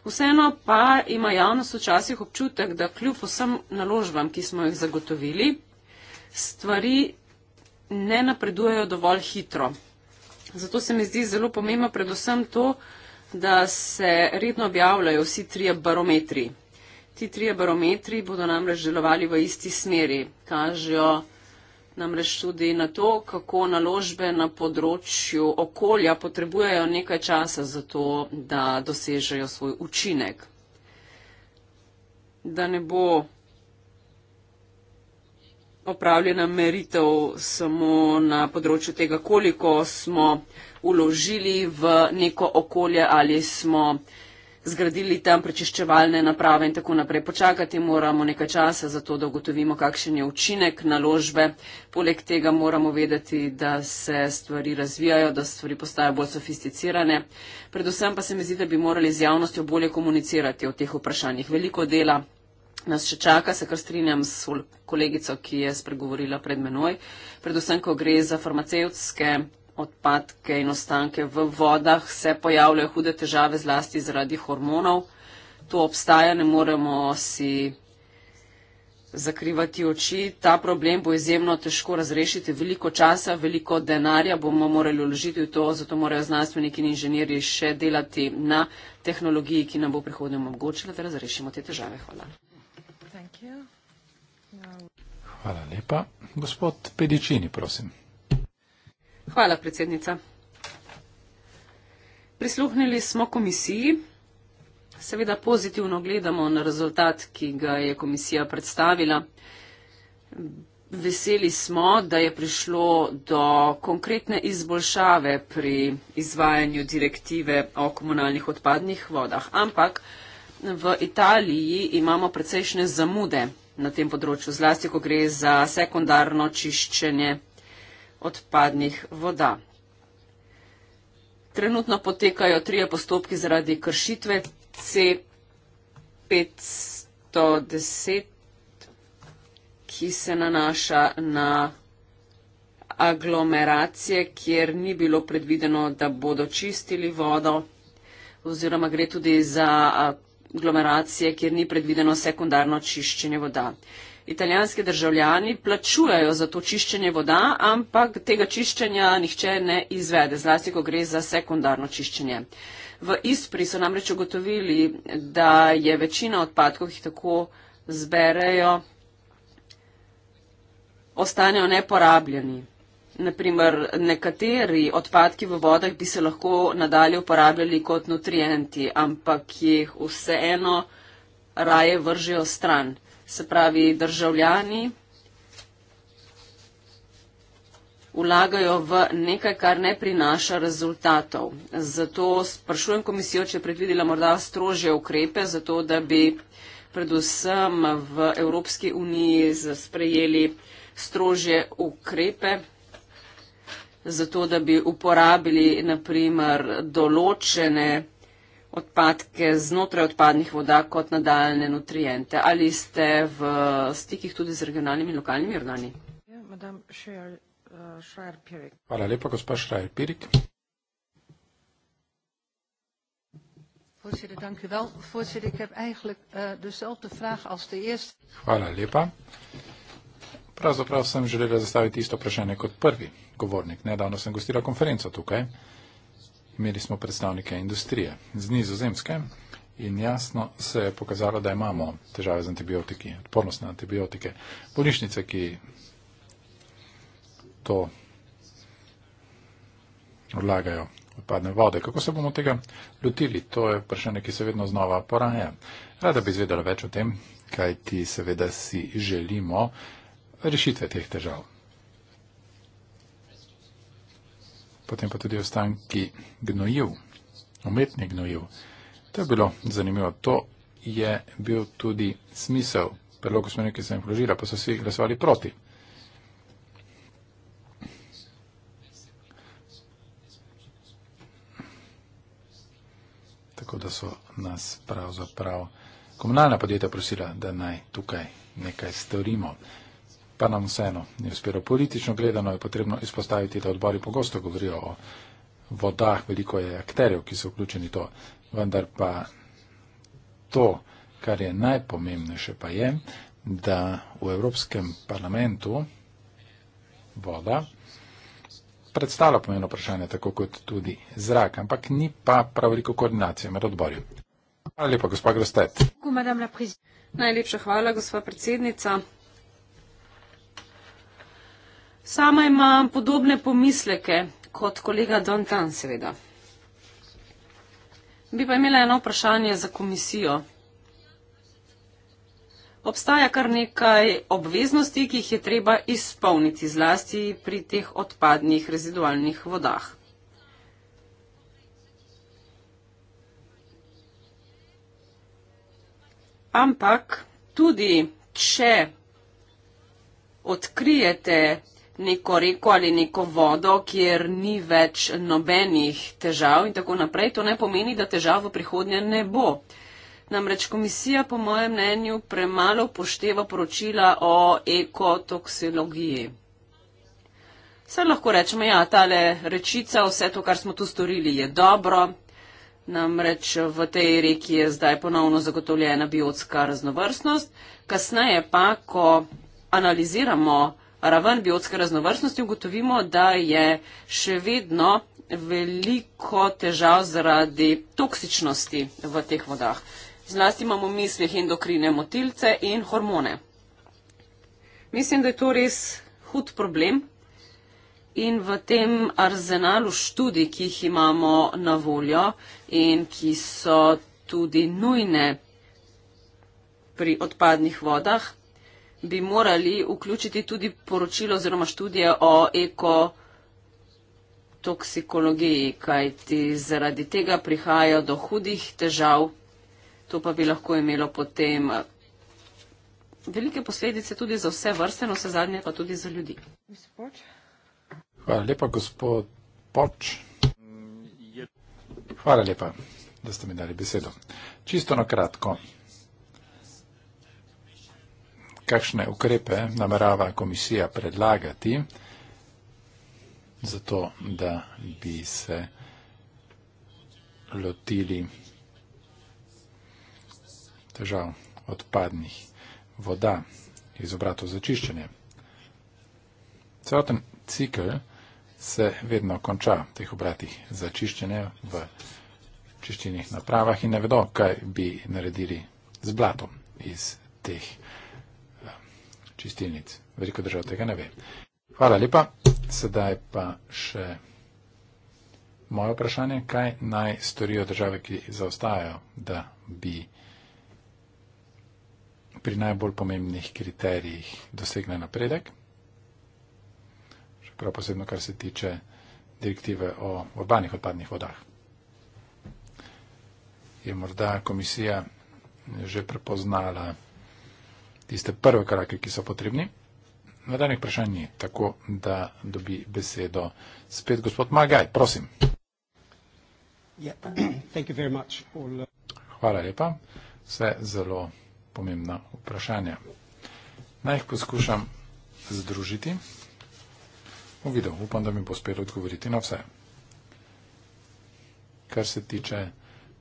Vseeno pa ima javnost včasih občutek, da kljub vsem naložbam, ki smo jih zagotovili, stvari ne napredujejo dovolj hitro. Zato se mi zdi zelo pomembno predvsem to, da se redno objavljajo vsi trije barometri. Ti trije barometri bodo namreč delovali v isti smeri, kažejo namreč tudi na to, kako naložbe na področju okolja potrebujejo nekaj časa za to, da dosežejo svoj učinek. Da ne bo opravljena meritev samo na področju tega, koliko smo vložili v neko okolje ali smo uh, zgradili tam prečiščevalne naprave in tako naprej. Počakati moramo nekaj časa za to, da ugotovimo, kakšen je učinek naložbe. Poleg tega moramo vedeti, da se stvari razvijajo, da stvari postajajo bolj sofisticirane. Predvsem pa se mi zdi, da bi morali z javnostjo bolje komunicirati o teh vprašanjih. Veliko dela nas še čaka, se kar strinjam s kolegico, ki je spregovorila pred menoj. Predvsem, ko gre za farmacevtske odpadke in ostanke v vodah, se pojavljajo hude težave zlasti zaradi hormonov. To obstaja, ne moremo si zakrivati oči. Ta problem bo izjemno težko razrešiti. Veliko časa, veliko denarja bomo morali vložiti v to, zato morajo znanstveniki in inženirji še delati na tehnologiji, ki nam bo prihodnje omogočila, da razrešimo te težave. Hvala. Hvala lepa. Gospod Pedičini, prosim. Hvala, predsednica. Prisluhnili smo komisiji. Seveda pozitivno gledamo na rezultat, ki ga je komisija predstavila. Veseli smo, da je prišlo do konkretne izboljšave pri izvajanju direktive o komunalnih odpadnih vodah. Ampak v Italiji imamo precejšnje zamude na tem področju, zlasti ko gre za sekundarno čiščenje odpadnih voda. Trenutno potekajo trije postopki zaradi kršitve C510, ki se nanaša na aglomeracije, kjer ni bilo predvideno, da bodo čistili vodo, oziroma gre tudi za aglomeracije, kjer ni predvideno sekundarno čiščenje voda italijanski državljani plačujejo za to čiščenje voda, ampak tega čiščenja nihče ne izvede, zlasti ko gre za sekundarno čiščenje. V ISPRI so namreč ugotovili, da je večina odpadkov, ki jih tako zberejo, ostanejo neporabljeni. Naprimer, nekateri odpadki v vodah bi se lahko nadalje uporabljali kot nutrienti, ampak jih vseeno raje vržejo stran se pravi državljani, vlagajo v nekaj, kar ne prinaša rezultatov. Zato sprašujem komisijo, če je predvidela morda strožje ukrepe, zato da bi predvsem v Evropski uniji sprejeli strožje ukrepe, zato da bi uporabili naprimer določene odpadke znotraj odpadnih voda kot nadaljne nutriente. Ali ste v stikih tudi z regionalnimi in lokalnimi organi? Ja, eh, Hvala lepa, gospa Šrajer Pirik. Eh, Hvala lepa. Pravzaprav sem želela zastaviti isto vprašanje kot prvi govornik. Nedavno sem gostila konferenco tukaj imeli smo predstavnike industrije z nizozemske in jasno se je pokazalo, da imamo težave z antibiotiki, odpornost na antibiotike. Bolnišnice, ki to odlagajo odpadne vode. Kako se bomo tega lotili? To je vprašanje, ki se vedno znova poraja. Rada bi izvedela več o tem, kaj ti seveda si želimo rešitve teh težav. potem pa tudi ostanki gnojiv, umetni gnojiv. To je bilo zanimivo. To je bil tudi smisel predlogu smer, ki sem jih vložila, pa so vsi glasovali proti. Tako da so nas pravzaprav komunalna podjetja prosila, da naj tukaj nekaj storimo pa nam vseeno ni uspelo. Politično gledano je potrebno izpostaviti, da odbori pogosto govorijo o vodah, veliko je akterjev, ki so vključeni to, vendar pa to, kar je najpomembnejše, pa je, da v Evropskem parlamentu voda predstavlja pomembno vprašanje, tako kot tudi zrak, ampak ni pa prav veliko koordinacije med odborjo. Hvala lepa, gospod Grostet. Najlepša hvala, gospod predsednica. Sama imam podobne pomisleke kot kolega Dantan, seveda. Bi pa imela eno vprašanje za komisijo. Obstaja kar nekaj obveznosti, ki jih je treba izpolniti zlasti pri teh odpadnih rezidualnih vodah. Ampak tudi, če odkrijete neko reko ali neko vodo, kjer ni več nobenih težav in tako naprej. To ne pomeni, da težav v prihodnje ne bo. Namreč komisija, po mojem mnenju, premalo pošteva poročila o ekotoksilogiji. Vse lahko rečemo, ja, tale rečica, vse to, kar smo tu storili, je dobro. Namreč v tej reki je zdaj ponovno zagotovljena biotska raznovrstnost. Kasneje pa, ko analiziramo raven biotske raznovrstnosti, ugotovimo, da je še vedno veliko težav zaradi toksičnosti v teh vodah. Zlasti imamo v mislih endokrine motilce in hormone. Mislim, da je to res hud problem in v tem arzenalu študij, ki jih imamo na voljo in ki so tudi nujne pri odpadnih vodah, bi morali vključiti tudi poročilo oziroma študije o ekotoksikologiji, kajti zaradi tega prihaja do hudih težav. To pa bi lahko imelo potem eh, velike posledice tudi za vse vrste, no vse zadnje pa tudi za ljudi. Hvala lepa, gospod Poč. Hvala lepa, da ste mi dali besedo. Čisto na kratko kakšne ukrepe namerava komisija predlagati, zato da bi se lotili težav odpadnih voda iz obratov za čiščenje. Celoten cikl se vedno konča v teh obratih za čiščenje v čiščenih napravah in ne vedo, kaj bi naredili z blatom iz teh napravah čistilnic. Veliko držav tega ne ve. Hvala lepa. Sedaj pa še moje vprašanje. Kaj naj storijo države, ki zaostajajo, da bi pri najbolj pomembnih kriterijih dosegle napredek? Še prav posebno, kar se tiče direktive o urbanih odpadnih vodah. Je morda komisija že prepoznala tiste prve korake, ki so potrebni. Nadaljnih vprašanj ni, tako da dobi besedo spet gospod Magaj, prosim. Ja, uh, Hvala lepa, vse zelo pomembna vprašanja. Naj jih poskušam združiti. Bom videl, upam, da mi bo spet odgovoriti na vse. Kar se tiče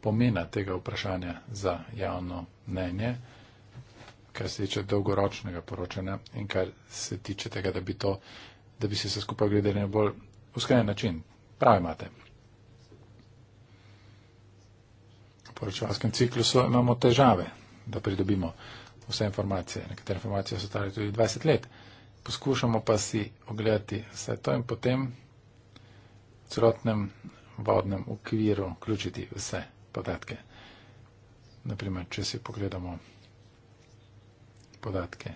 pomena tega vprašanja za javno mnenje, kar se tiče dolgoročnega poročanja in kar se tiče tega, da bi, to, da bi se vse skupaj gledali na bolj uskajen način. Prav imate. V poročevalskem ciklusu imamo težave, da pridobimo vse informacije. Nekatere informacije so stare tudi 20 let. Poskušamo pa si ogledati vse to in potem v celotnem vodnem okviru vključiti vse podatke. Naprimer, če si pogledamo podatke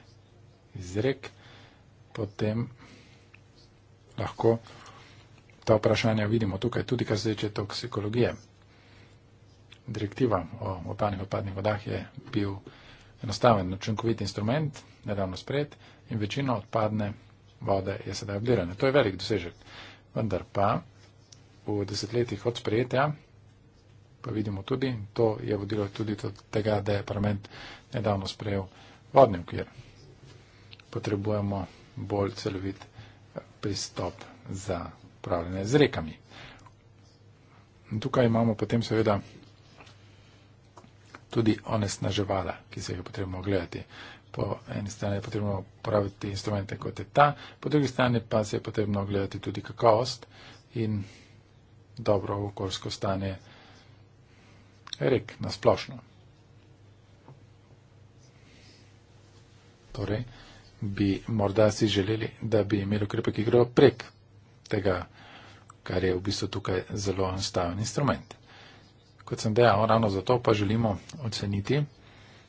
iz rek, potem lahko ta vprašanja vidimo tukaj tudi, kar se reče toksikologije. Direktiva o opalnih odpadnih vodah je bil enostaven, učinkovit instrument, nedavno sprejet in večina odpadne vode je sedaj obdelana. To je velik dosežek. Vendar pa v desetletjih od sprejetja, pa vidimo tudi, to je vodilo tudi do tega, da je parlament nedavno sprejel vodni okvir. Potrebujemo bolj celovit eh, pristop za upravljanje z rekami. In tukaj imamo potem seveda tudi onesnaževala, ki se jih je potrebno gledati. Po eni strani je potrebno uporabiti instrumente kot je ta, po drugi strani pa se je potrebno gledati tudi kakovost in dobro okoljsko stanje rek na splošno. torej bi morda si želeli, da bi imeli ukrepe, ki grejo prek tega, kar je v bistvu tukaj zelo enostaven instrument. Kot sem dejal, ravno zato pa želimo oceniti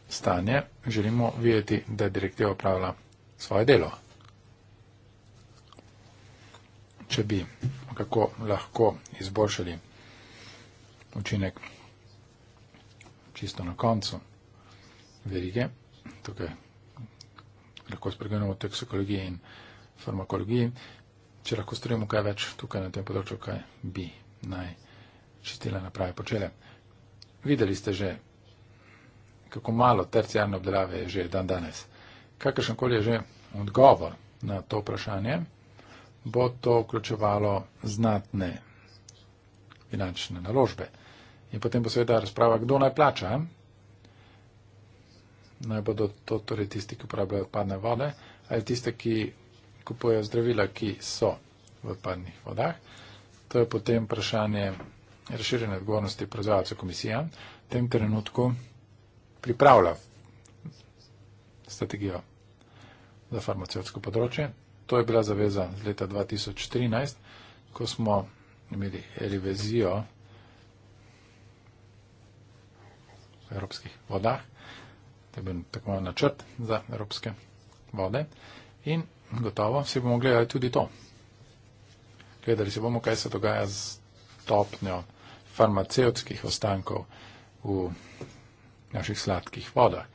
stanje, želimo videti, da je direktiva opravila svoje delo. Če bi kako lahko izboljšali učinek čisto na koncu verige, tukaj lahko spregledamo toksikologiji in farmakologiji. Če lahko storimo kaj več tukaj na tem področju, kaj bi naj čistile naprave počele. Videli ste že, kako malo tercijarne obdelave je že dan danes. Kakršen koli je že odgovor na to vprašanje, bo to vključevalo znatne finančne naložbe. In potem bo seveda razprava, kdo naj plača naj bodo to torej tisti, ki uporabljajo odpadne vode, ali tiste, ki kupujejo zdravila, ki so v odpadnih vodah. To je potem vprašanje razširjene odgovornosti proizvajalcev komisija. V tem trenutku pripravlja strategijo za farmacevtsko področje. To je bila zaveza z leta 2013, ko smo imeli revizijo v evropskih vodah to je bil tako načrt za evropske vode in gotovo si bomo gledali tudi to. Gledali si bomo, kaj se dogaja z stopnjo farmacevtskih ostankov v naših sladkih vodah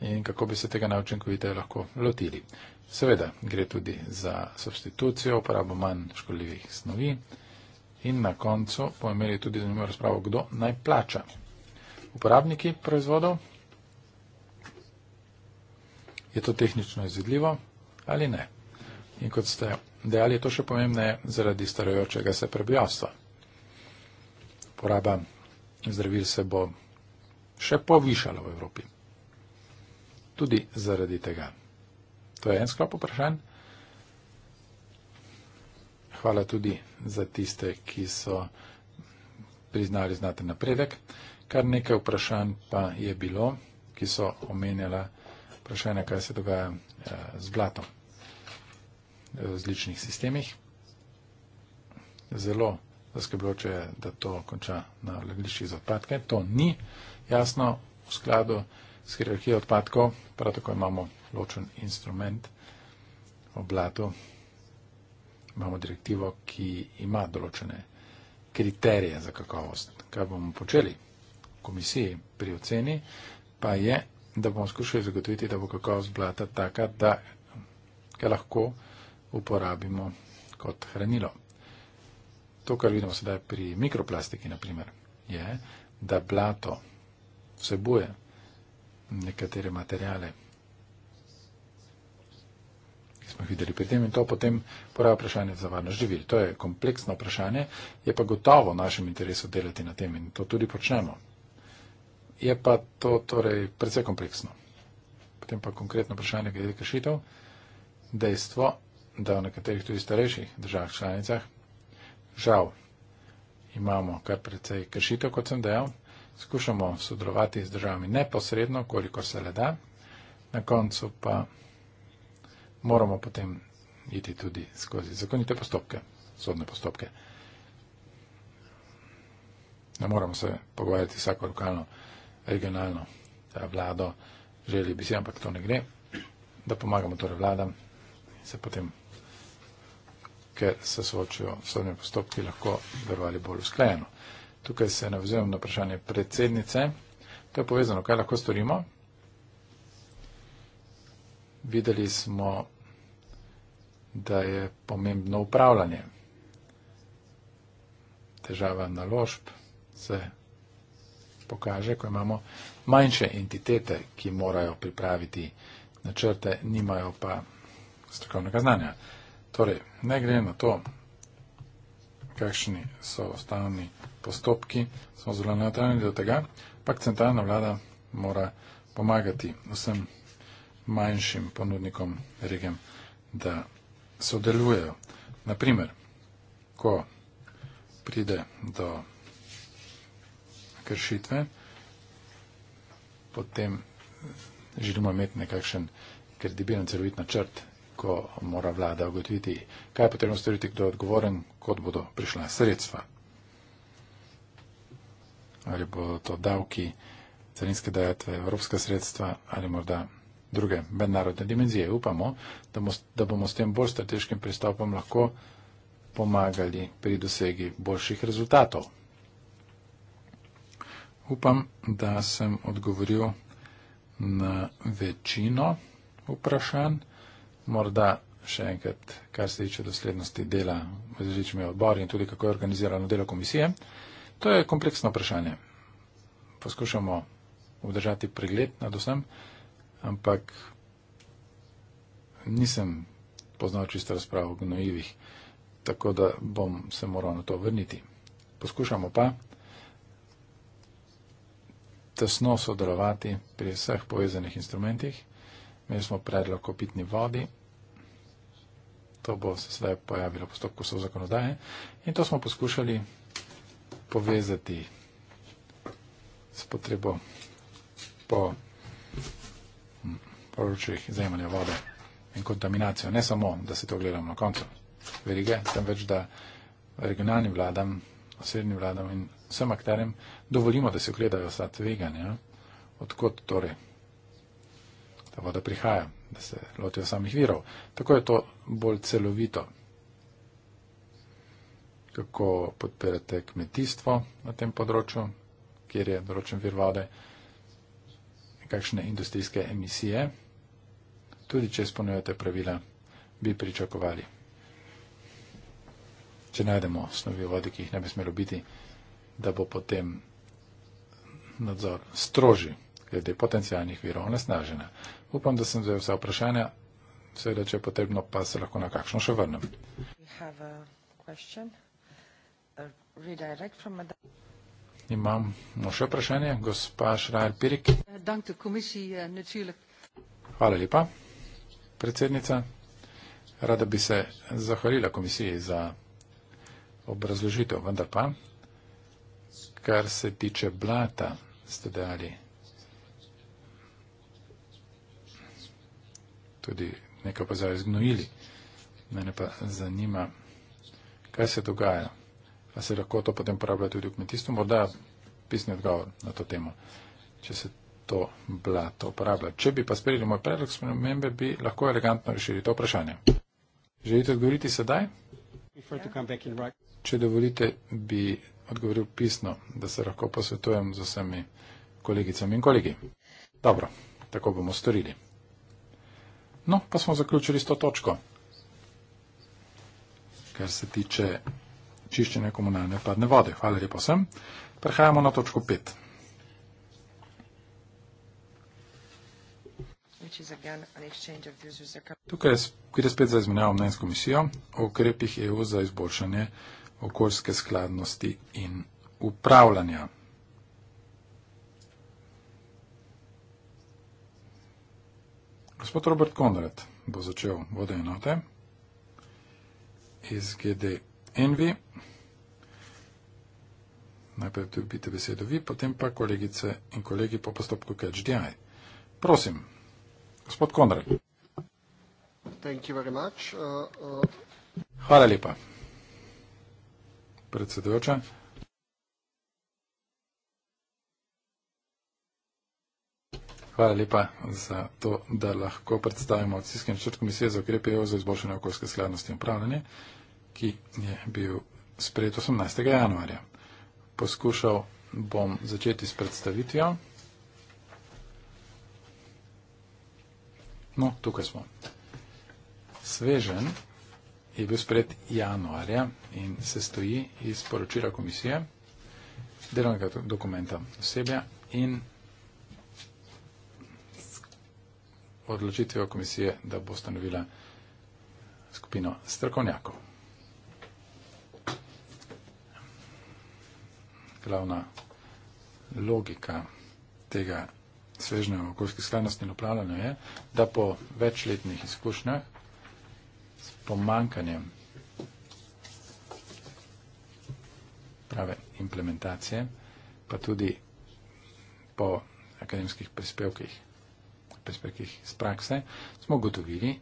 in kako bi se tega najučinkoviteje lahko lotili. Seveda gre tudi za substitucijo, uporabo manj škodljivih snovi in na koncu bomo imeli tudi zanimivo razpravo, kdo naj plača. Uporabniki proizvodov, je to tehnično izvedljivo ali ne. In kot ste dejali, je to še pomembneje zaradi starajočega se prebivalstva. Poraba zdravil se bo še povišala v Evropi. Tudi zaradi tega. To je en sklop vprašanj. Hvala tudi za tiste, ki so priznali znaten napredek. Kar nekaj vprašanj pa je bilo, ki so omenjala vprašanja, kaj se dogaja eh, z blatom eh, v različnih sistemih. Zelo zaskrbljujoče je, da to konča na odlagališčih za odpadke. To ni jasno v skladu s hierarhijo odpadkov, prav tako imamo ločen instrument o blatu. Imamo direktivo, ki ima določene kriterije za kakovost. Kaj bomo počeli? Komisiji pri oceni pa je da bomo skušali zagotoviti, da bo kakovost blata taka, da ga lahko uporabimo kot hranilo. To, kar vidimo sedaj pri mikroplastiki, naprimer, je, da blato vsebuje nekatere materijale, ki smo jih videli pri tem in to potem poraja vprašanje za varnost živil. To je kompleksno vprašanje, je pa gotovo v našem interesu delati na tem in to tudi počnemo je pa to torej precej kompleksno. Potem pa konkretno vprašanje glede kršitev. Dejstvo, da v nekaterih tudi starejših državah članicah, žal, imamo kar precej kršitev, kot sem dejal, skušamo sodelovati z državami neposredno, koliko se le da, na koncu pa moramo potem iti tudi skozi zakonite postopke, sodne postopke. Ne moramo se pogovarjati vsako lokalno regionalno vlado želi bi si, ampak to ne gre, da pomagamo torej vladam, se potem, ker se soočijo sodne postopki, lahko verovali bolj usklajeno. Tukaj se navzujem na vprašanje predsednice. To je povezano, kaj lahko storimo. Videli smo, da je pomembno upravljanje. Težava naložb se pokaže, ko imamo manjše entitete, ki morajo pripraviti načrte, nimajo pa strokovnega znanja. Torej, ne gre na to, kakšni so ustavni postopki, smo zelo neutralni do tega, pak centralna vlada mora pomagati vsem manjšim ponudnikom regem, da sodelujejo. Naprimer, ko pride do kršitve, potem želimo imeti nekakšen kredibilen celovit načrt, ko mora vlada ugotoviti, kaj je potrebno storiti, kdo je odgovoren, kot bodo prišla sredstva. Ali bo to davki, carinske dajatve, evropska sredstva ali morda druge mednarodne dimenzije. Upamo, da, mo, da bomo s tem bolj strateškim pristopom lahko pomagali pri dosegi boljših rezultatov. Upam, da sem odgovoril na večino vprašanj. Morda še enkrat, kar se tiče doslednosti dela v različnih odborih in tudi kako je organizirano delo komisije. To je kompleksno vprašanje. Poskušamo obdržati pregled nad vsem, ampak nisem poznal čisto razpravo o gnojivih, tako da bom se moral na to vrniti. Poskušamo pa tesno sodelovati pri vseh povezanih instrumentih. Imeli smo predlog o pitni vodi, to bo se sedaj pojavilo v postopku so zakonodaje in to smo poskušali povezati s potrebo po hm, poročih zajemanja vode in kontaminacijo. Ne samo, da se to gledamo na koncu verige, temveč da regionalnim vladam, osrednjim vladam in vsem akterjem dovolimo, da se ogledajo vsa tveganja, odkot torej ta voda prihaja, da se lotijo samih virov. Tako je to bolj celovito, kako podpirate kmetijstvo na tem področju, kjer je določen vir vode, kakšne industrijske emisije, tudi če izpolnjujete pravila, bi pričakovali. Če najdemo snovi v vodi, ki jih ne bi smelo biti, da bo potem nadzor stroži glede potencijalnih virov onesnaženja. Upam, da sem zdaj vse vprašanja, seveda, če je potrebno, pa se lahko na kakšno še vrnem. Imamo no še vprašanje, gospa Šrajer Pirik. Eh, eh, Hvala lepa, predsednica. Rada bi se zahvalila komisiji za obrazložitev, vendar pa kar se tiče blata, ste dali tudi nekaj pozavi znojili. Mene pa zanima, kaj se dogaja. A se lahko to potem uporablja tudi v kmetijstvu? Morda pisni odgovor na to temo, če se to blato uporablja. Če bi pa sprejeli moj predlog spremembe, bi lahko elegantno rešili to vprašanje. Želite odgovoriti sedaj? Če dovolite, bi odgovoril pisno, da se lahko posvetujem z vsemi kolegicami in kolegi. Dobro, tako bomo storili. No, pa smo zaključili s to točko. Kar se tiče čiščenja komunalne odpadne vode. Hvala lepo vsem. Prehajamo na točko 5. Tukaj gre spet za izmenjavo mnenj s komisijo o ukrepih EU za izboljšanje okoljske skladnosti in upravljanja. Gospod Robert Konrad bo začel vode enote iz GD Envi. Najprej dobite besedo vi, potem pa kolegice in kolegi po postopku Catch DI. Prosim, gospod Konrad. Uh, uh, Hvala lepa predsedujoča. Hvala lepa za to, da lahko predstavimo odsiskem načrt Komisije za ukrepe EU za izboljšanje okoljske skladnosti in upravljanje, ki je bil sprejet 18. januarja. Poskušal bom začeti s predstavitvijo. No, tukaj smo. Svežen je bil spred januarja in se stoji iz poročila komisije, delovnega dokumenta osebja in odločitvijo komisije, da bo ustanovila skupino strokovnjakov. Glavna logika tega svežnega okoljskih skladnosti in upravljanja je, da po večletnih izkušnjah pomankanjem prave implementacije, pa tudi po akademskih prispevkih, prispevkih iz prakse, smo gotovili,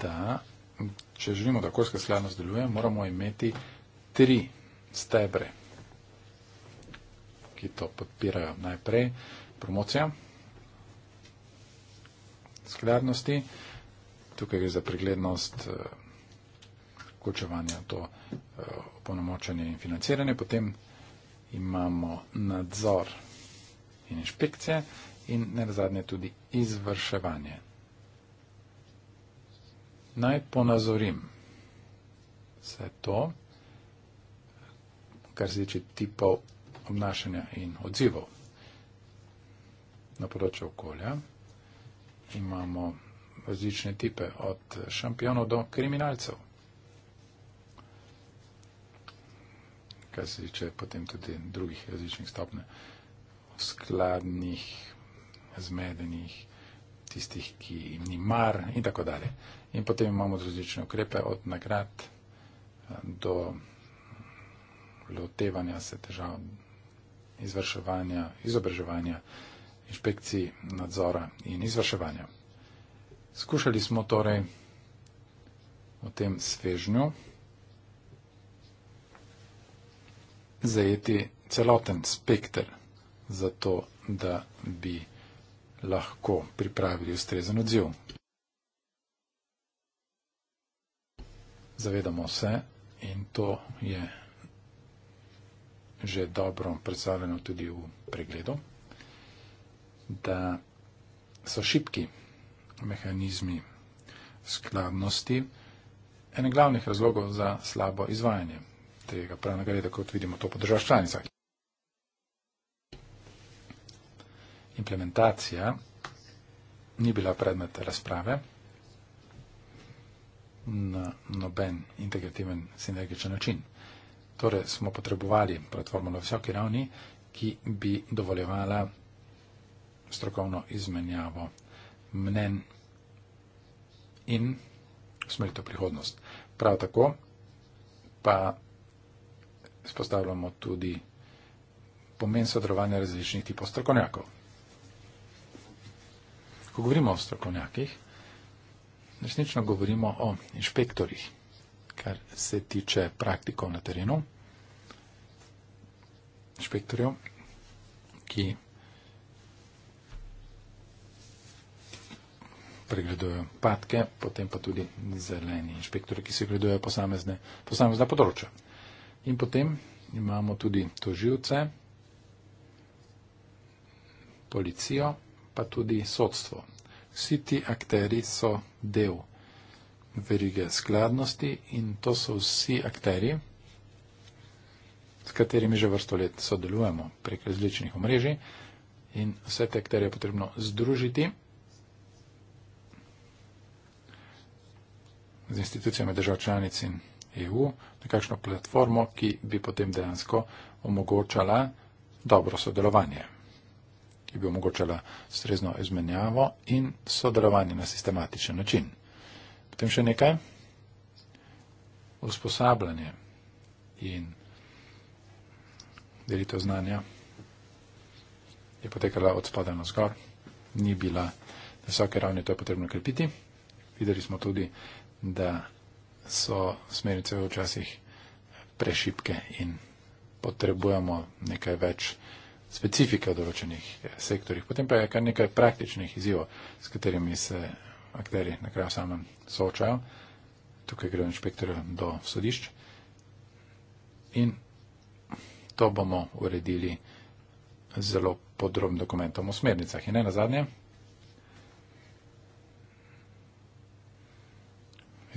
da če želimo, da okoljska skladnost deluje, moramo imeti tri stebre, ki to podpirajo. Najprej promocija skladnosti, tukaj gre za preglednost eh, vključevanja to eh, opolnomočenje in financiranje. Potem imamo nadzor in inšpekcije in ne nazadnje tudi izvrševanje. Naj ponazorim vse to, kar se tiče tipov obnašanja in odzivov na področju okolja. Imamo različne tipe od šampionov do kriminalcev. kar se tiče potem tudi drugih različnih stopne, skladnih, zmedenih, tistih, ki jim ni mar in tako dalje. In potem imamo različne ukrepe od nagrad eh, do lotevanja se težav, izvrševanja, izobraževanja, inšpekcij, nadzora in izvrševanja. Skušali smo torej o tem svežnju. zajeti celoten spekter za to, da bi lahko pripravili ustrezen odziv. Zavedamo se in to je že dobro predstavljeno tudi v pregledu, da so šipki mehanizmi skladnosti ene glavnih razlogov za slabo izvajanje tega pravnega reda, kot vidimo to po državah članicah. Implementacija ni bila predmet razprave na noben integrativen sinergičen način. Torej smo potrebovali platformo na vsaki ravni, ki bi dovoljevala strokovno izmenjavo mnen in usmeritev prihodnost. Prav tako pa spostavljamo tudi pomen sodelovanja različnih tipov strokovnjakov. Ko govorimo o strokovnjakih, resnično govorimo o inšpektorjih, kar se tiče praktikov na terenu, inšpektorjev, ki pregledujejo padke, potem pa tudi zeleni inšpektori, ki se gledujejo posamezne, posamezne področja. In potem imamo tudi toživce, policijo, pa tudi sodstvo. Vsi ti akteri so del verige skladnosti in to so vsi akteri, s katerimi že vrsto let sodelujemo prek različnih omrežij in vse te akterje je potrebno združiti z institucijami držav članic in EU, nekakšno platformo, ki bi potem dejansko omogočala dobro sodelovanje, ki bi omogočala strezno izmenjavo in sodelovanje na sistematičen način. Potem še nekaj. Usposabljanje in delitev znanja je potekala od spada na zgor, ni bila na vsake ravni, to je potrebno krepiti. Videli smo tudi, da so smernice včasih prešipke in potrebujemo nekaj več specifike v določenih eh, sektorjih. Potem pa je kar nekaj praktičnih izzivov, s katerimi se akteri na kraju samem soočajo. Tukaj gre inšpektor do sodišč in to bomo uredili zelo podrobnim dokumentom o smernicah. In ne na zadnje.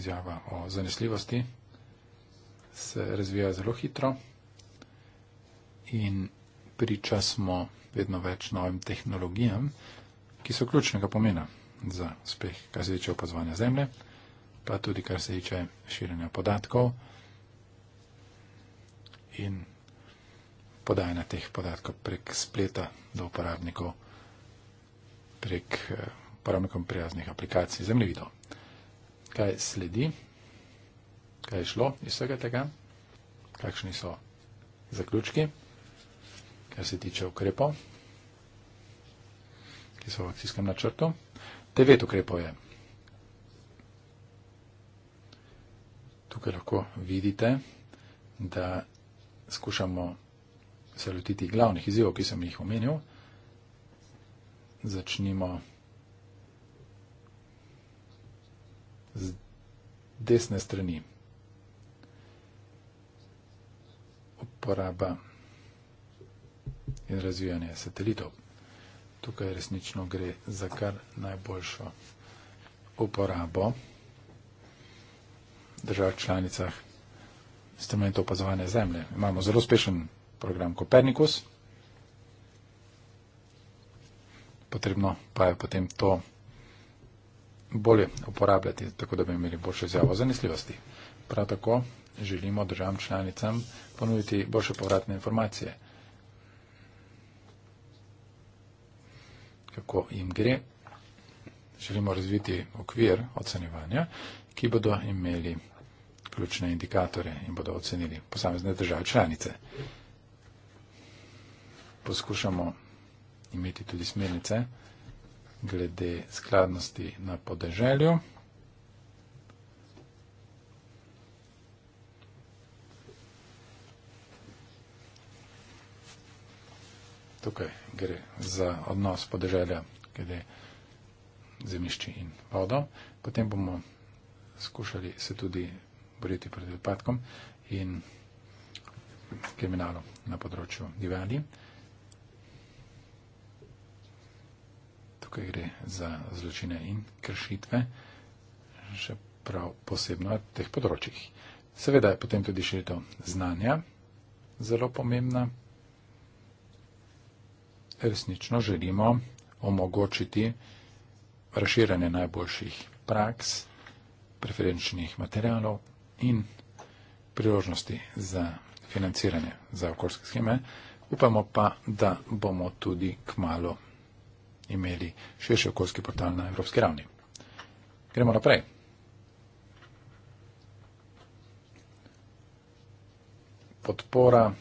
izjava o zanesljivosti se razvija zelo hitro in priča smo vedno več novim tehnologijam, ki so ključnega pomena za uspeh, kar se tiče opazovanja zemlje, pa tudi kar se tiče širjenja podatkov in podajanja teh podatkov prek spleta do uporabnikov, prek eh, uporabnikom prijaznih aplikacij zemljevidov kaj sledi, kaj je šlo iz vsega tega, kakšni so zaključki, kar se tiče ukrepov, ki so v akcijskem načrtu. Devet ukrepov je. Tukaj lahko vidite, da skušamo se lotiti glavnih izzivov, ki sem jih omenil. Začnimo z desne strani. Uporaba in razvijanje satelitov. Tukaj resnično gre za kar najboljšo uporabo v državah članicah instrumentov opazovanja Zemlje. Imamo zelo uspešen program Kopernikus, potrebno pa je potem to bolje uporabljati, tako da bi imeli boljšo izjavo zanesljivosti. Prav tako želimo državam članicam ponuditi boljše povratne informacije, kako jim gre. Želimo razviti okvir ocenjevanja, ki bodo imeli ključne indikatore in bodo ocenili posamezne države članice. Poskušamo imeti tudi smernice, glede skladnosti na podeželju. Tukaj gre za odnos podeželja glede zemišči in vodo. Potem bomo skušali se tudi boriti proti odpadkom in kriminalu na področju divjadi. tukaj gre za zločine in kršitve, še prav posebno na teh področjih. Seveda je potem tudi še to znanja zelo pomembna. Resnično želimo omogočiti raširanje najboljših praks, preferenčnih materialov in priložnosti za financiranje za okoljske scheme. Upamo pa, da bomo tudi k malu imeli širši okoljski portal na evropski ravni. Gremo naprej. Podpora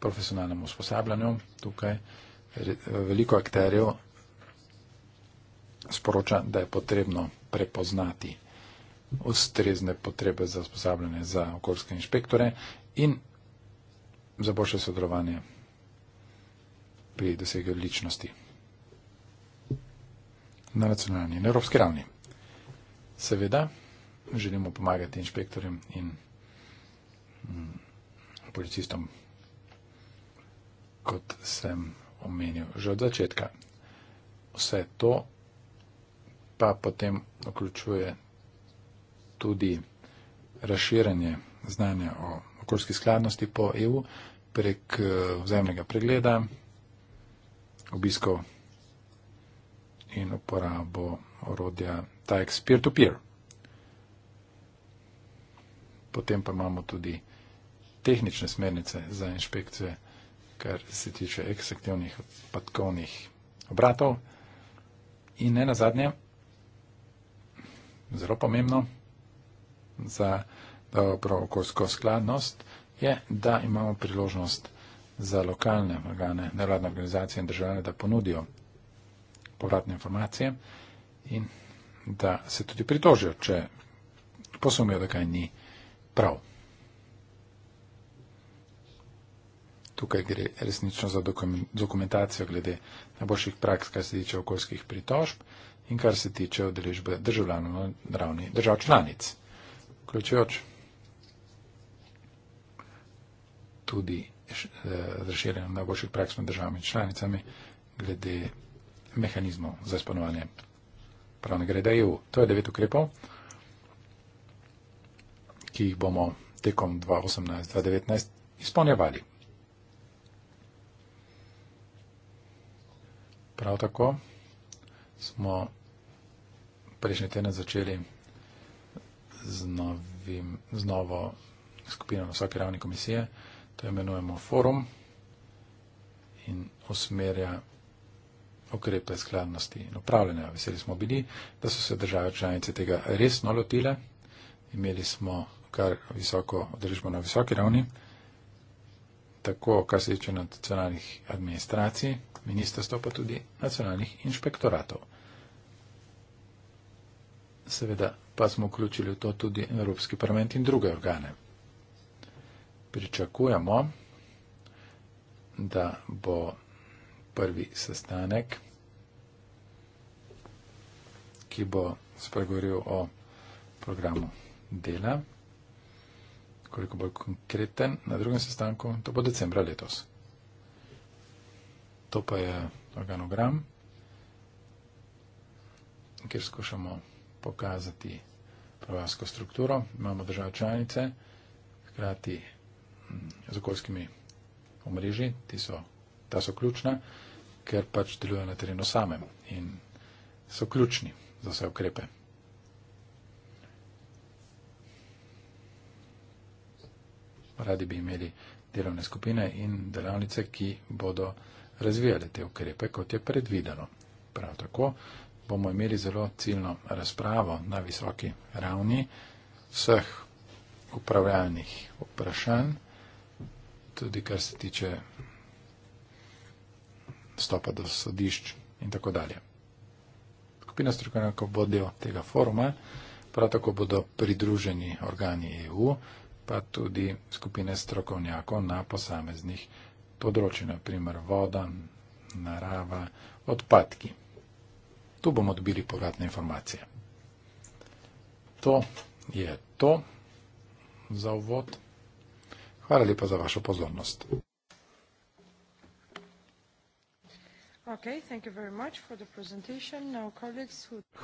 profesionalnemu usposabljanju. Tukaj veliko akterjev sporoča, da je potrebno prepoznati ustrezne potrebe za usposabljanje za okoljske inšpektore in za boljše sodelovanje pri dosegu ličnosti na nacionalni in evropski ravni. Seveda želimo pomagati inšpektorjem in mm, policistom, kot sem omenil že od začetka. Vse to pa potem vključuje tudi razširanje znanja o okoljski skladnosti po EU prek eh, vzajemnega pregleda, obiskov in uporabo orodja Tax Peer-to-Peer. Potem pa imamo tudi tehnične smernice za inšpekcije, kar se tiče eksektivnih odpadkovnih obratov. In ne nazadnje, zelo pomembno za dobro okoljsko skladnost je, da imamo priložnost za lokalne organe, nevladne organizacije in države, da ponudijo povratne informacije in da se tudi pritožijo, če posumijo, da kaj ni prav. Tukaj gre resnično za dokumentacijo glede najboljših praks, kar se tiče okoljskih pritožb in kar se tiče odrežbe državljanov na ravni držav članic. Vključujoč tudi eh, razširjanje najboljših praks med državami članicami glede mehanizmov za izpolnjevanje pravnega reda EU. To je devet ukrepov, ki jih bomo tekom 2018-2019 izpolnjevali. Prav tako smo prejšnji teden začeli z, novim, z novo skupino na vsaki ravni komisije, to imenujemo forum in usmerja ukrepe skladnosti in upravljanja. Veseli smo bili, da so se države članice tega resno lotile. Imeli smo kar visoko držbo na visoki ravni, tako kar se tiče nacionalnih administracij, ministrstva pa tudi nacionalnih inšpektoratov. Seveda pa smo vključili v to tudi Evropski parlament in druge organe. Pričakujemo, da bo prvi sestanek, ki bo spregovoril o programu dela, koliko bolj konkreten na drugem sestanku, to bo decembra letos. To pa je organogram, kjer skušamo pokazati pravarsko strukturo. Imamo države članice, hkrati mm, z okoljskimi omreži, ta so ključna ker pač delujejo na terenu samem in so ključni za vse ukrepe. Radi bi imeli delovne skupine in delavnice, ki bodo razvijale te ukrepe, kot je predvideno. Prav tako bomo imeli zelo ciljno razpravo na visoki ravni vseh upravljalnih vprašanj, tudi kar se tiče dostopa do sodišč in tako dalje. Skupina strokovnjakov bo del tega foruma, prav tako bodo pridruženi organi EU, pa tudi skupine strokovnjakov na posameznih področjih, naprimer voda, narava, odpadki. Tu bomo dobili povratne informacije. To je to za uvod. Hvala lepa za vašo pozornost.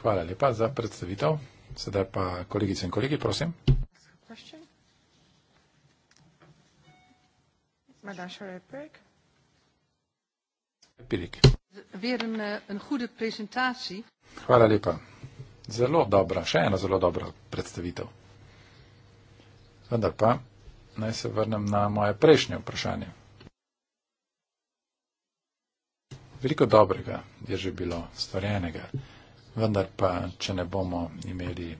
Hvala lepa za predstavitev. Sedaj pa kolegice in kolegi, prosim. Eh, Hvala lepa. Zelo dobra, še ena zelo dobra predstavitev. Vendar pa naj se vrnem na moje prejšnje vprašanje. Veliko dobrega je že bilo stvarjenega, vendar pa, če ne bomo imeli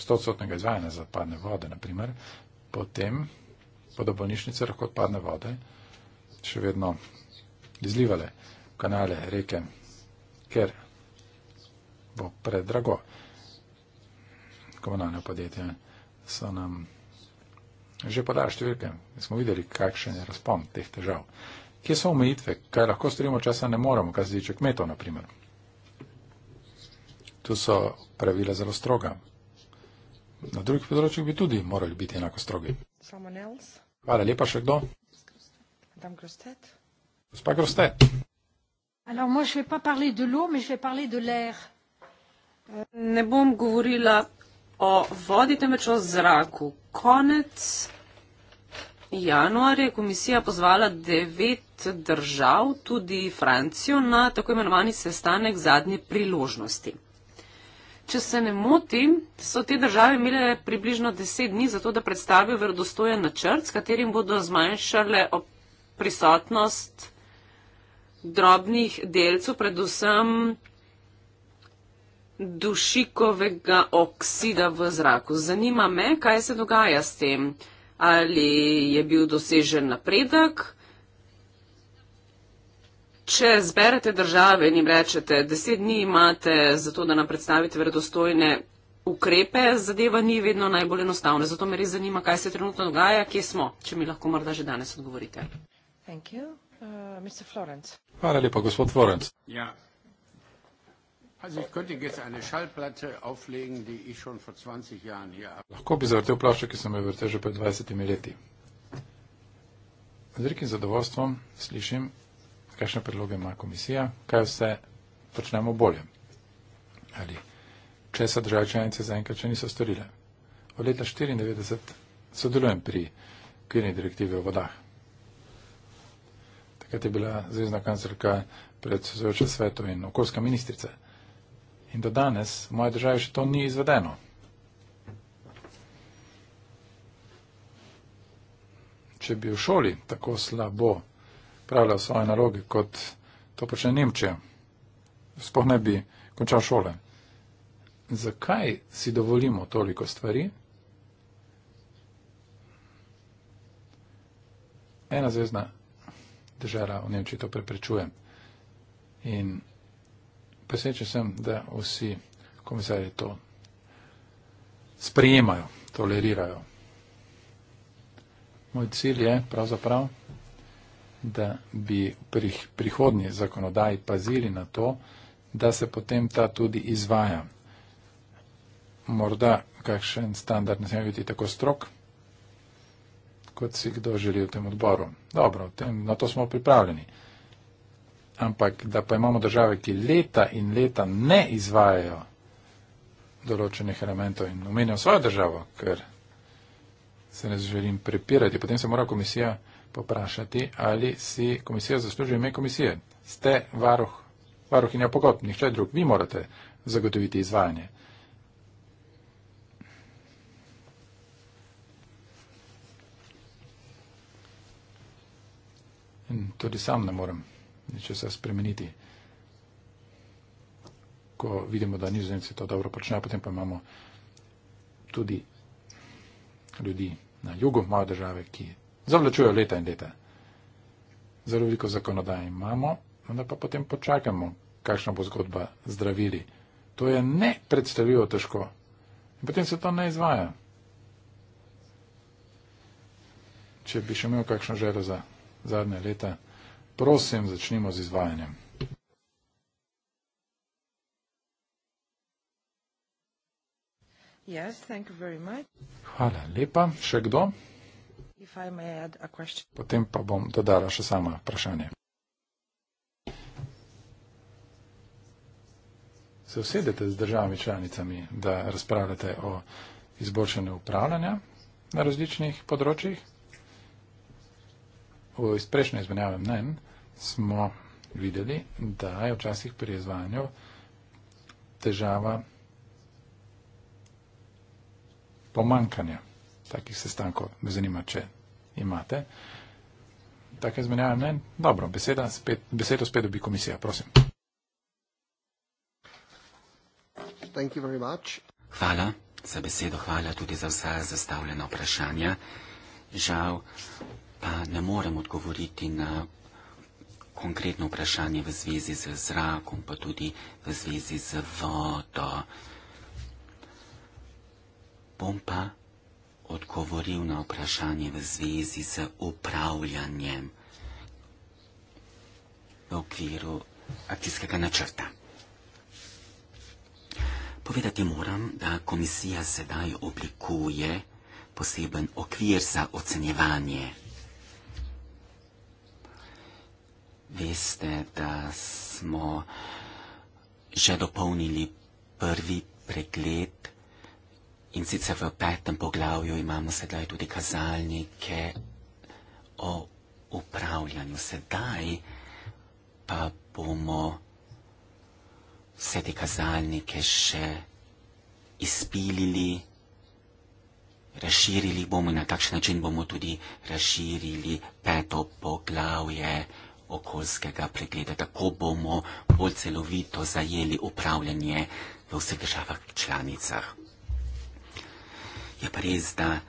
stotsotnega izvajanja za padne vode, naprimer, potem bodo bolnišnice lahko padne vode še vedno izlivale v kanale, reke, ker bo predrago. Komunalne podjetja so nam že podali številke. Smo videli, kakšen je razpon teh težav. Kje so omejitve, kaj lahko storimo, česa ne moremo, kar se tiče kmetov, naprimer. Tu so pravila zelo stroga. Na drugih področjih bi tudi morali biti enako strogi. Hvala lepa, še kdo? Gospa Grostet. Ne bom govorila o vodi, temveč o zraku. Konec januar je komisija pozvala devet držav, tudi Francijo, na tako imenovani sestanek zadnje priložnosti. Če se ne motim, so te države imele približno deset dni za to, da predstavijo verodostojen načrt, s katerim bodo zmanjšale prisotnost drobnih delcev, predvsem dušikovega oksida v zraku. Zanima me, kaj se dogaja s tem ali je bil dosežen napredek. Če zberete države in jim rečete, deset dni imate za to, da nam predstavite verodostojne ukrepe, zadeva ni vedno najbolj enostavna. Zato me res zanima, kaj se trenutno dogaja, kje smo, če mi lahko morda že danes odgovorite. Uh, Hvala lepa, gospod Florence. Ja, Lahko bi zavrtel plašče, ki sem jo vrtel že pred 20 leti. Z velikim zadovoljstvom slišim, kakšne predloge ima komisija, kaj vse počnemo bolje. Ali če se države članice zaenkrat še niso storile. Od leta 1994 sodelujem pri okvirni direktivi o vodah. Takrat je bila zvezdna kancelka predsedujoča svetu in okoljska ministrica. In do danes v moje državi še to ni izvedeno. Če bi v šoli tako slabo pravljal svoje naloge, kot to počne Nemčija, spoh ne bi končal šole. Zakaj si dovolimo toliko stvari? Ena zvezdna država v Nemčiji to preprečuje. In Preseče sem, da vsi komisarji to sprejemajo, tolerirajo. Moj cilj je pravzaprav, da bi pri prihodnji zakonodaji pazili na to, da se potem ta tudi izvaja. Morda kakšen standard ne sme biti tako strok, kot si kdo želi v tem odboru. Dobro, tem, na to smo pripravljeni ampak da pa imamo države, ki leta in leta ne izvajajo določenih elementov in omenjajo svojo državo, ker se ne želim prepirati. Potem se mora komisija poprašati, ali si komisija zasluži ime komisije. Ste varuh, varuhinja pogodb, nihče drug. Vi morate zagotoviti izvajanje. In tudi sam ne morem ničesar spremeniti. Ko vidimo, da nizozemci to dobro počnejo, potem pa imamo tudi ljudi na jugu moje države, ki zavlačujejo leta in leta. Zelo veliko zakonodaje imamo, vendar pa potem počakamo, kakšna bo zgodba zdravili. To je nepredstavljivo težko. In potem se to ne izvaja. Če bi še imel kakšno željo za zadnje leta. Prosim, začnimo z izvajanjem. Yes, thank you very much. Hvala lepa. Še kdo? If I may add a question. Potem pa bom dodala še sama vprašanje. Se usedete z državami članicami, da razpravljate o izboljšanju upravljanja na različnih področjih? v izprejšnjem izmenjavem mnen smo videli, da je včasih pri izvajanju težava pomankanja takih sestankov. Me zanima, če imate. Tako izmenjavem mnen. Dobro, beseda spet, besedo spet dobi komisija, prosim. Thank you very much. Hvala za besedo, hvala tudi za vsa zastavljena vprašanja. Žal, pa ne morem odgovoriti na konkretno vprašanje v zvezi z zrakom, pa tudi v zvezi z vodo. Bom pa odgovoril na vprašanje v zvezi z upravljanjem v okviru akcijskega načrta. Povedati moram, da komisija sedaj oblikuje poseben okvir za ocenjevanje veste, da smo že dopolnili prvi pregled in sicer v petem poglavju imamo sedaj tudi kazalnike o upravljanju. Sedaj pa bomo vse te kazalnike še izpilili, razširili bomo in na takšen način bomo tudi razširili peto poglavje okoljskega pregleda, tako bomo bolj celovito zajeli upravljanje v vseh državah članicah. Je pa res, da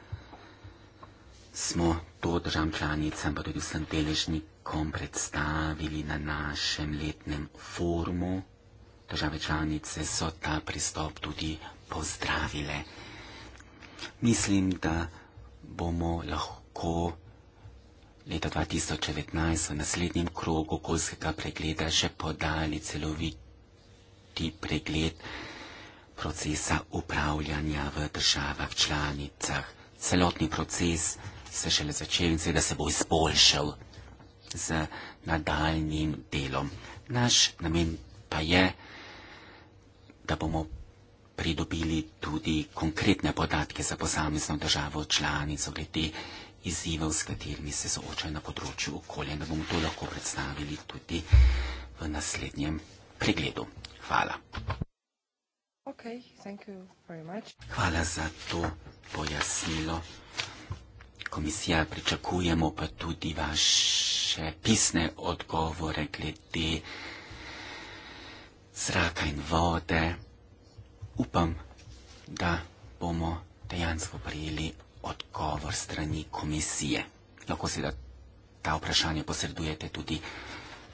smo to državam članicam, pa tudi vsem deležnikom predstavili na našem letnem forumu. Države članice so ta pristop tudi pozdravile. Mislim, da bomo lahko leta 2019 v naslednjem krogu okoljskega pregleda že podali celoviti pregled procesa upravljanja v državah članicah. Celotni proces se šele začel in seveda se bo izboljšal z nadaljnim delom. Naš namen pa je, da bomo pridobili tudi konkretne podatke za posamezno državo članico glede izzivov, s katerimi se soočajo na področju okolja in da bomo to lahko predstavili tudi v naslednjem pregledu. Hvala. Okay, thank you very much. Hvala za to pojasnilo. Komisija, pričakujemo pa tudi vaše pisne odgovore glede zraka in vode. Upam, da bomo dejansko prijeli odgovor strani komisije. Lahko se da ta vprašanja posredujete tudi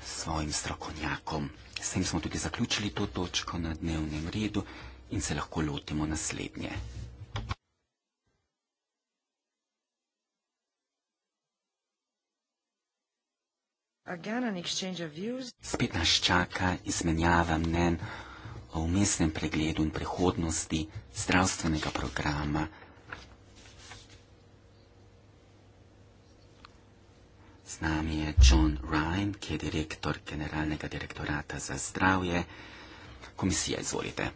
svojim strokovnjakom. S tem smo tudi zaključili to točko na dnevnem redu in se lahko lotimo naslednje. Spet nas čaka izmenjava mnen o umestnem pregledu in prihodnosti zdravstvenega programa Z nami je John Ryan, ki je direktor Generalnega direktorata za zdravje. Komisija, izvolite.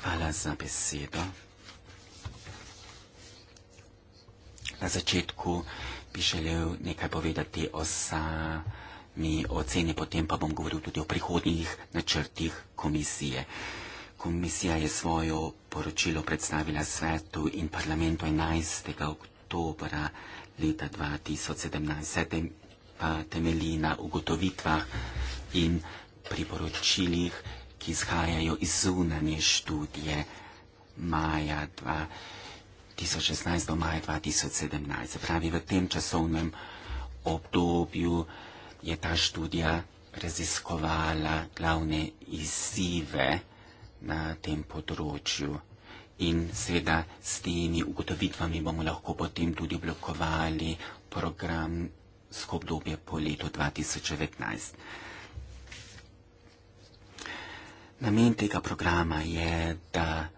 Hvala za besedo. Na začetku bi želel nekaj povedati o sami oceni, potem pa bom govoril tudi o prihodnjih načrtih komisije. Komisija je svojo poročilo predstavila svetu in parlamentu 11. oktobra leta 2017 pa temelji na ugotovitvah in priporočilih, ki izhajajo iz zunanje študije maja 2016 do maja 2017. Pravi, v tem časovnem obdobju je ta študija raziskovala glavne izzive na tem področju in seveda s temi ugotovitvami bomo lahko potem tudi oblikovali program skobdobje po letu 2019. Namen tega programa je, da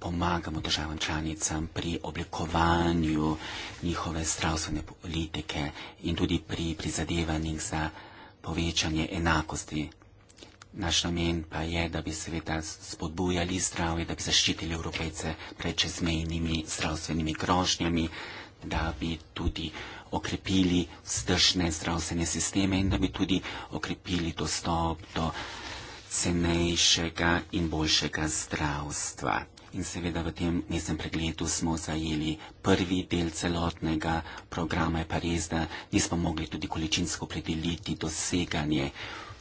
pomagamo državam članicam pri oblikovanju njihove zdravstvene politike in tudi pri prizadevanjih za povečanje enakosti Naš namen pa je, da bi seveda spodbujali zdravje, da bi zaščitili evropejce pred čezmejnimi zdravstvenimi grožnjami, da bi tudi okrepili vzdržne zdravstvene sisteme in da bi tudi okrepili dostop do cenejšega in boljšega zdravstva. In seveda v tem mestnem pregledu smo zajeli prvi del celotnega programa, je pa res, da nismo mogli tudi količinsko predeliti doseganje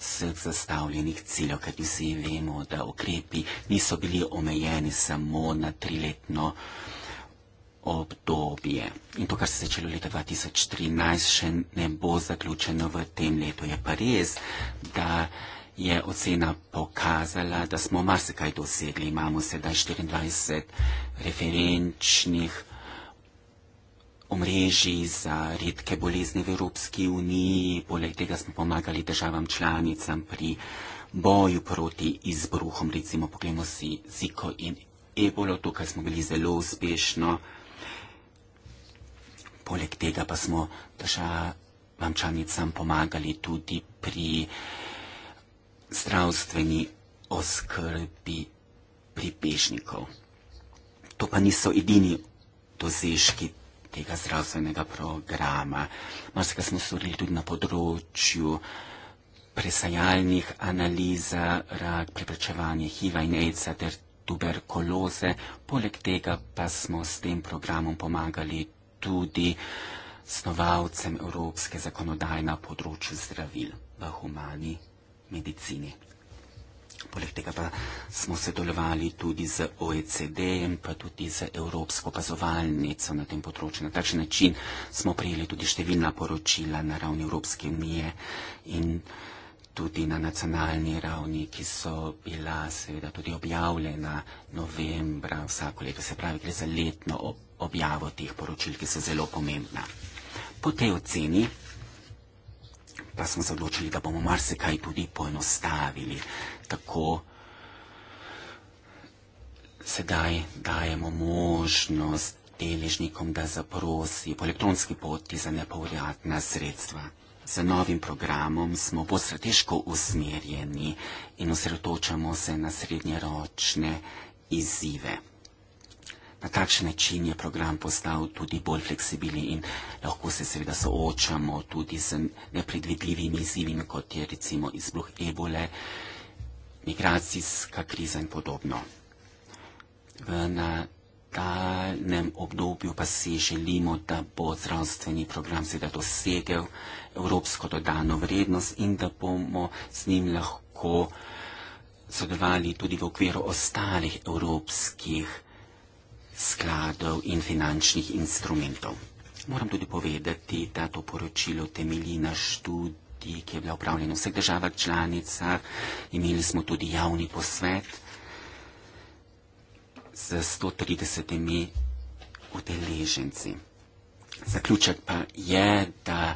vseh zastavljenih ciljev, kajti vsi vemo, da ukrepi niso bili omejeni samo na triletno obdobje. In to, kar se je začelo leta 2013, še ne bo zaključeno v tem letu. Je pa res, da je ocena pokazala, da smo marsikaj dosegli. Imamo sedaj 24 referenčnih omrežij za redke bolezni v Evropski uniji. Poleg tega smo pomagali državam članicam pri boju proti izbruhom, recimo pogledamo si Ziko in Ebolo, tukaj smo bili zelo uspešno. Poleg tega pa smo državam članicam pomagali tudi pri zdravstveni oskrbi pri pešnikov. To pa niso edini dosežki tega zdravstvenega programa. Marsika smo storili tudi na področju presajalnih analiz, rak, preprečevanje HIV-a in AIDS-a ter tuberkuloze. Poleg tega pa smo s tem programom pomagali tudi snovalcem evropske zakonodaje na področju zdravil v humani medicini. Poleg tega pa smo sodelovali tudi z OECD in pa tudi z Evropsko opazovalnico na tem področju. Na takšen način smo prijeli tudi številna poročila na ravni Evropske unije in tudi na nacionalni ravni, ki so bila seveda tudi objavljena novembra vsako leto. Se pravi, gre za letno objavo teh poročil, ki so zelo pomembna. Po tej oceni pa smo se odločili, da bomo marsikaj tudi poenostavili. Tako sedaj dajemo možnost deležnikom, da zaprosijo po elektronski poti za nepovratna sredstva. Z novim programom smo postrateško usmerjeni in osredotočamo se na srednjeročne izzive. Na takšen način je program postal tudi bolj fleksibilen in lahko se seveda soočamo tudi z nepredvidljivimi izzivi, kot je recimo izbruh ebole, migracijska kriza in podobno. V nadaljnem obdobju pa si želimo, da bo zdravstveni program seveda dosegel evropsko dodano vrednost in da bomo z njim lahko sodelovali tudi v okviru ostalih evropskih skladov in finančnih instrumentov. Moram tudi povedati, da to poročilo temelji na študiji, ki je bila upravljena v vseh državah članicah. Imeli smo tudi javni posvet z 130 udeleženci. Zaključek pa je, da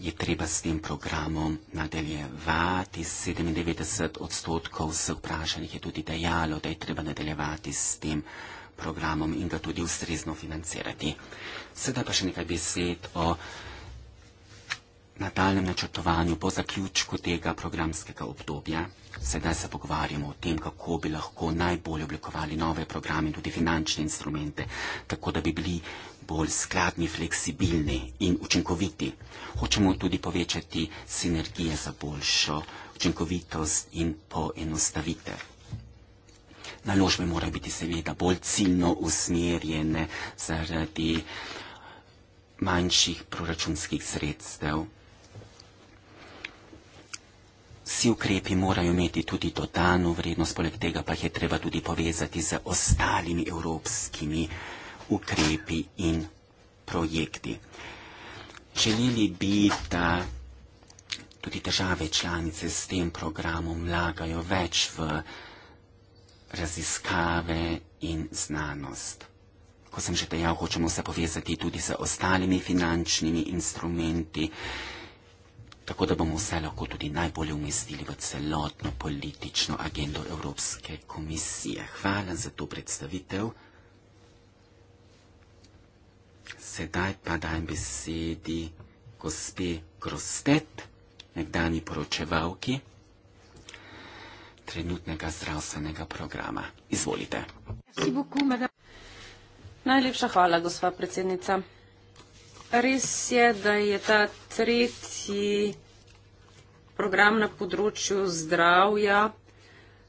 je treba s tem programom nadaljevati. 97 odstotkov vseh vprašanjih je tudi dejalo, da je treba nadaljevati s tem programom in ga tudi ustrezno financirati. Sedaj pa še nekaj besed o nadaljem načrtovanju po zaključku tega programskega obdobja. Sedaj se pogovarjamo o tem, kako bi lahko najbolje oblikovali nove programe in tudi finančne instrumente, tako da bi bili bolj skladni, fleksibilni in učinkoviti. Hočemo tudi povečati sinergije za boljšo učinkovitost in poenostavitev. Naložbe morajo biti seveda bolj ciljno usmerjene zaradi manjših proračunskih sredstev. Vsi ukrepi morajo imeti tudi dodano vrednost, poleg tega pa jih je treba tudi povezati z ostalimi evropskimi ukrepi in projekti. Želeli bi, da tudi države članice s tem programom vlagajo več v raziskave in znanost. Ko sem že dejal, hočemo se povezati tudi z ostalimi finančnimi instrumenti, tako da bomo vse lahko tudi najbolje umestili v celotno politično agendo Evropske komisije. Hvala za to predstavitev. Sedaj pa dajem besedi gospe Grostet, nekdani poročevalki trenutnega zdravstvenega programa. Izvolite. Najlepša hvala, gospa predsednica. Res je, da je ta tretji program na področju zdravja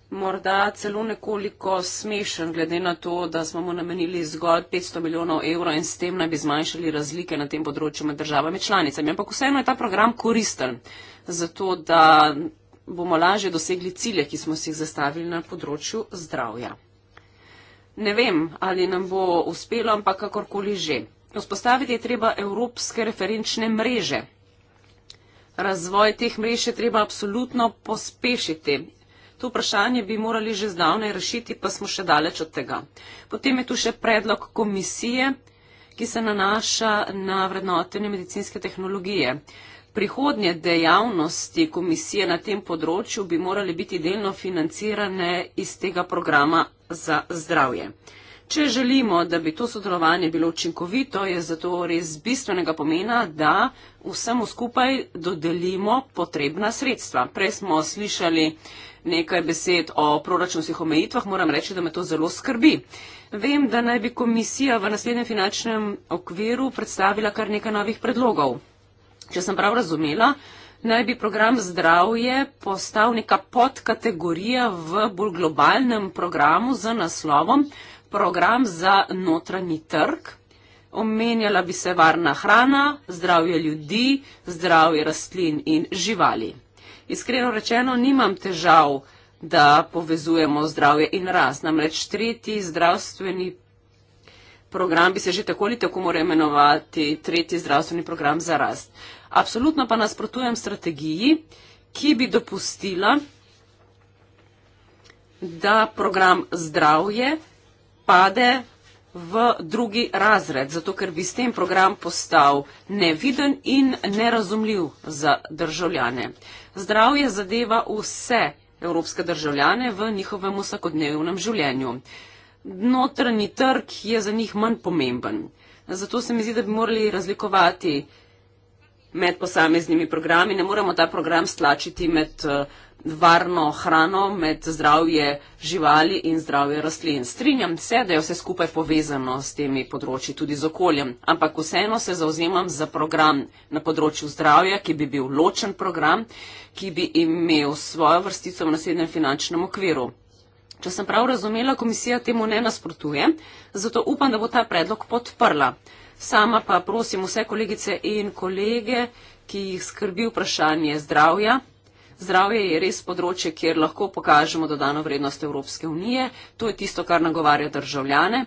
morda celo nekoliko smešen, glede na to, da smo mu namenili zgolj 500 milijonov evrov in s tem naj bi zmanjšali razlike na tem področju med državami članicami. Ampak vseeno je ta program koristen za to, da bomo lažje dosegli cilje, ki smo si jih zastavili na področju zdravja. Ne vem, ali nam bo uspelo, ampak kakorkoli že. Vzpostaviti je treba evropske referenčne mreže. Razvoj teh mrež je treba absolutno pospešiti To vprašanje bi morali že zdavne rešiti, pa smo še daleč od tega. Potem je tu še predlog komisije, ki se nanaša na vrednotenje medicinske tehnologije. Prihodnje dejavnosti komisije na tem področju bi morali biti delno financirane iz tega programa za zdravje. Če želimo, da bi to sodelovanje bilo učinkovito, je zato res bistvenega pomena, da vsemu skupaj dodelimo potrebna sredstva. Prej smo slišali uh, nekaj besed o proračunskih omejitvah, moram reči, da me to zelo skrbi. Vem, da naj bi komisija v naslednjem finančnem okviru predstavila kar nekaj novih predlogov. Če sem prav razumela, naj bi program zdravje postal neka podkategorija v bolj globalnem programu z naslovom program za notranji trg. Omenjala bi se varna hrana, zdravje ljudi, zdravje rastlin in živali iskreno rečeno, nimam težav, da povezujemo zdravje in rast. Namreč tretji zdravstveni program bi se že tako ali tako moral imenovati tretji zdravstveni program za rast. Absolutno pa nasprotujem strategiji, ki bi dopustila, da program zdravje pade v drugi razred, zato ker bi s tem program postal neviden in nerazumljiv za državljane zdravje zadeva vse evropske državljane v njihovem vsakodnevnem življenju. Notrni trg je za njih manj pomemben. Zato se mi zdi, da bi morali razlikovati med posameznimi programi. Ne moramo ta program stlačiti med uh, varno hrano, med zdravje živali in zdravje rastlin. Strinjam se, da je vse skupaj povezano s temi področji, tudi z okoljem, ampak vseeno se zauzemam za program na področju zdravja, ki bi bil ločen program, ki bi imel svojo vrstico v naslednjem finančnem okviru. Če sem prav razumela, komisija temu ne nasprotuje, zato upam, da bo ta predlog podprla. Sama pa prosim vse kolegice in kolege, ki jih skrbi vprašanje zdravja, Zdravje je res področje, kjer lahko pokažemo dodano vrednost Evropske unije. To je tisto, kar nagovarja državljane.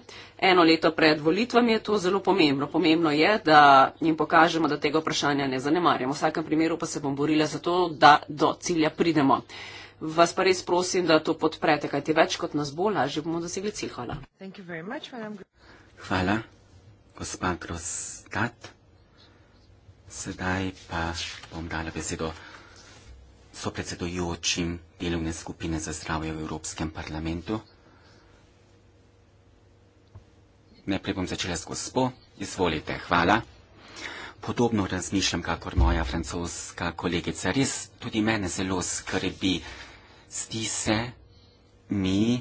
Eno leto pred volitvami je to zelo pomembno. Pomembno je, da jim pokažemo, da tega vprašanja ne zanemarjamo. V vsakem primeru pa se bom borila za to, da do cilja pridemo. Vas pa res prosim, da to podprete, kajti več kot nas bo, lažje bomo dosegli cilj. Hvala. Hvala, gospod Grosdat. Sedaj pa bom dala besedo so predsedujočim delovne skupine za zdravje v Evropskem parlamentu. Najprej bom začela s gospo. Izvolite, hvala. Podobno razmišljam, kakor moja francoska kolegica. Res tudi mene zelo skrbi. Zdi se mi,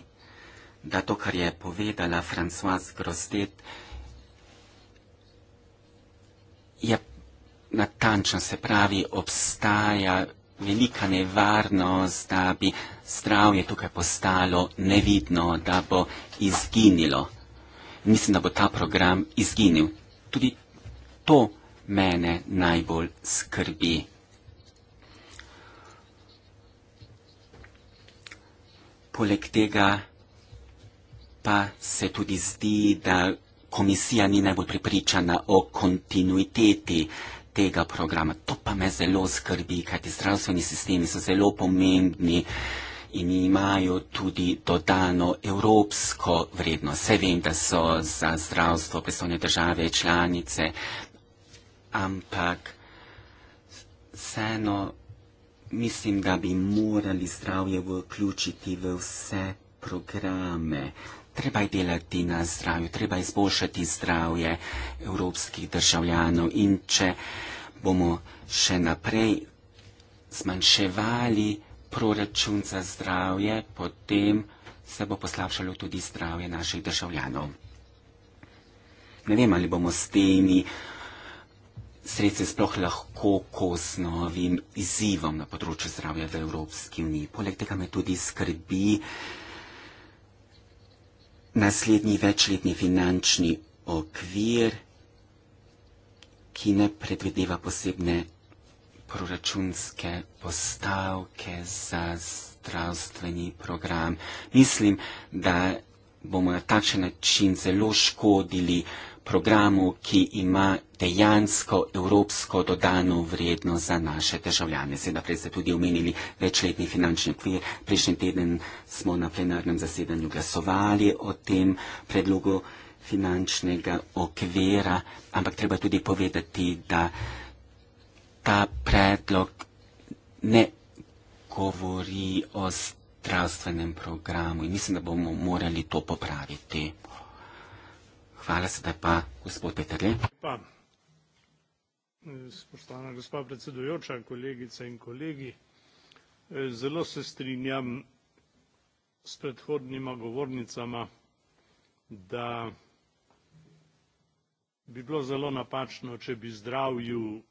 da to, kar je povedala Françoise Grostet, je natančno, se pravi, obstaja velika nevarnost, da bi zdravje tukaj postalo nevidno, da bo izginilo. Mislim, da bo ta program izginil. Tudi to mene najbolj skrbi. Poleg tega pa se tudi zdi, da komisija ni najbolj pripričana o kontinuiteti tega programa. To pa me zelo skrbi, kajti zdravstveni sistemi so zelo pomembni in imajo tudi dodano evropsko vrednost. Vse vem, da so za zdravstvo pristojne države članice, ampak vseeno mislim, da bi morali zdravje vključiti v vse programe treba je delati na zdravju, treba je izboljšati zdravje evropskih državljanov in če bomo še naprej zmanjševali proračun za zdravje, potem se bo poslabšalo tudi zdravje naših državljanov. Ne vem, ali bomo s temi sredstvi sploh lahko kosnovim izzivom na področju zdravja v Evropski uniji. Poleg tega me tudi skrbi, naslednji večletni finančni okvir, ki ne predvideva posebne proračunske postavke za zdravstveni program. Mislim, da bomo na takšen način zelo škodili uh, programu, ki ima dejansko evropsko dodano vrednost za naše državljane. Sedaj prej ste tudi omenili večletni finančni okvir. Prejšnji teden smo na plenarnem zasedanju glasovali o tem predlogu finančnega okvira, ampak treba tudi povedati, da ta predlog ne govori o zdravstvenem programu in mislim, da bomo morali to popraviti. Hvala se da pa, gospod Peterle. Pa, spoštovana gospa predsedujoča, kolegice in kolegi, zelo se strinjam s predhodnima govornicama, da bi bilo zelo napačno, če bi zdravju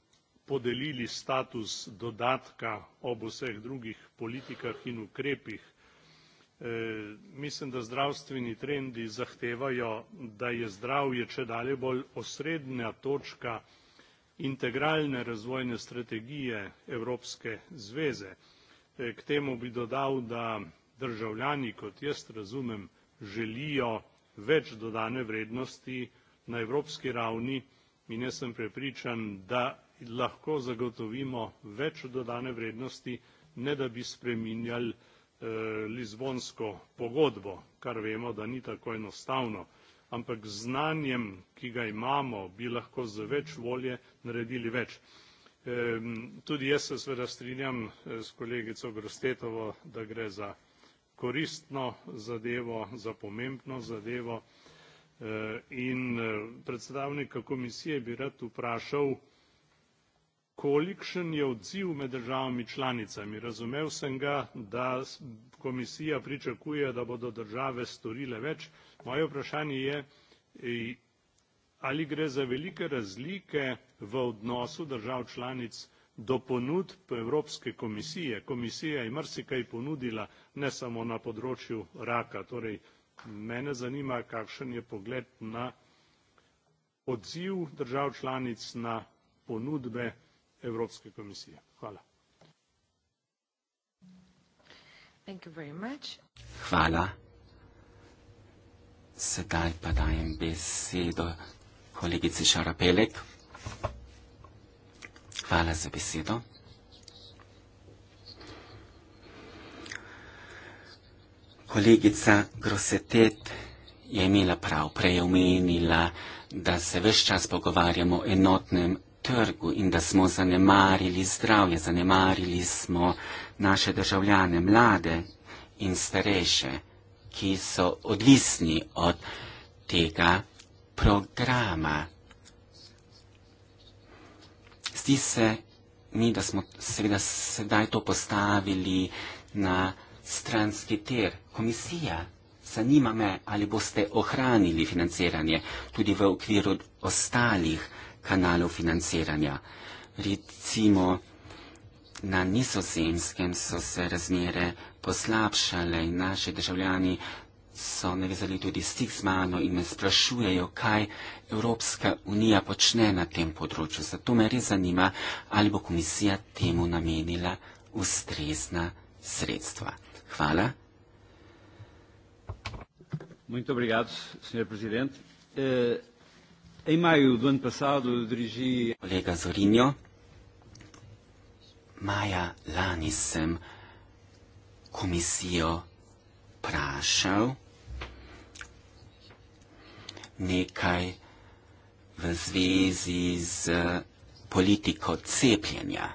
podelili status dodatka ob vseh drugih politikah in ukrepih. E, mislim, da zdravstveni trendi zahtevajo, da je zdravje če dalje bolj osrednja točka integralne razvojne strategije Evropske zveze. E, k temu bi dodal, da državljani, kot jaz razumem, želijo več dodane vrednosti na evropski ravni in jaz sem prepričan, da lahko zagotovimo več dodane vrednosti, ne da bi spreminjali Eh, Lizbonsko pogodbo, kar vemo, da ni tako enostavno, ampak z znanjem, ki ga imamo, bi lahko z več volje naredili več. Tudi jaz se sveda strinjam eh, s kolegico Grostetovo, da gre za koristno zadevo, za pomembno zadevo eh, in predstavnika komisije bi rad vprašal, kolikšen je odziv med državami članicami. Razumev sem ga, da komisija pričakuje, da bodo države storile več. Moje vprašanje je, ali gre za velike razlike v odnosu držav članic do ponudb Evropske komisije. Komisija je mrsikaj ponudila, ne samo na področju raka. Torej, mene zanima, kakšen je pogled na odziv držav članic na ponudbe Evropske komisije. Evropske komisije. Hvala. Hvala. Sedaj pa dajem besedo kolegici Šarapelek. Hvala za besedo. Kolegica Grosetet je imela prav, prej omenila, da se vse čas pogovarjamo o enotnem trgu in da smo zanemarili zdravje, zanemarili smo naše državljane, mlade in starejše, ki so odvisni od tega programa. Zdi se mi, da smo seveda sedaj to postavili na stranski tir. Komisija, zanima me, ali boste ohranili financiranje tudi v okviru ostalih kanalov financiranja. Recimo, na nizozemskem so se razmere poslabšale in naši državljani so navezali tudi stik z mano in me sprašujejo, kaj Evropska unija počne na tem področju. Zato me res zanima, ali bo komisija temu namenila ustrezna sredstva. Hvala. Muito obrigado, senhor presidente. Eh, Kolega Zorinjo, maja lani sem komisijo prašal nekaj v zvezi z politiko cepljenja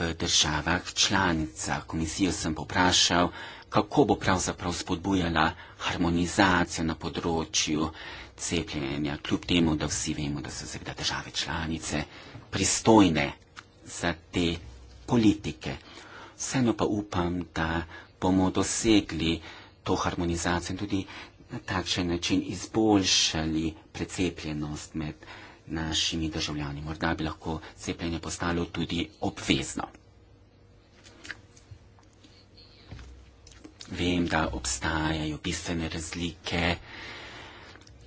v državah članica. Komisijo sem poprašal, kako bo pravzaprav spodbujala harmonizacijo na področju cepljenja cepljenja, kljub temu, da vsi vemo, da so seveda države članice pristojne za te politike. Vseeno pa upam, da bomo dosegli to harmonizacijo in tudi na takšen način izboljšali precepljenost med našimi državljani. Morda bi lahko cepljenje postalo tudi obvezno. Vem, da obstajajo bistvene razlike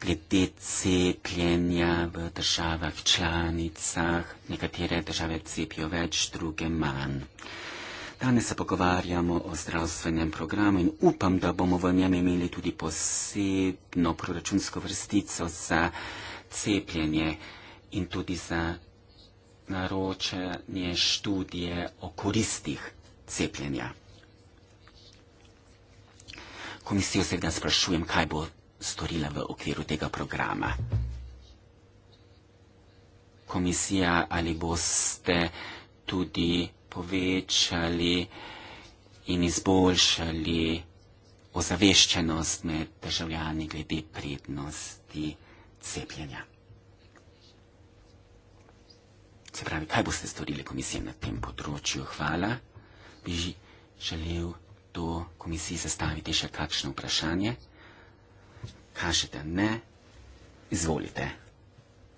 glede cepljenja v državah članicah. Nekatere države cepijo več, druge manj. Danes se pogovarjamo o zdravstvenem programu in upam, da bomo v njem imeli tudi posebno proračunsko vrstico za cepljenje in tudi za naročanje študije o koristih cepljenja. Komisijo seveda sprašujem, kaj bo storila v okviru tega programa. Komisija ali boste tudi povečali in izboljšali ozaveščenost med državljani glede prednosti cepljenja. Se pravi, kaj boste storili komisije na tem področju? Hvala. Bi želel do komisiji zastaviti še kakšno vprašanje? kažete ne, izvolite,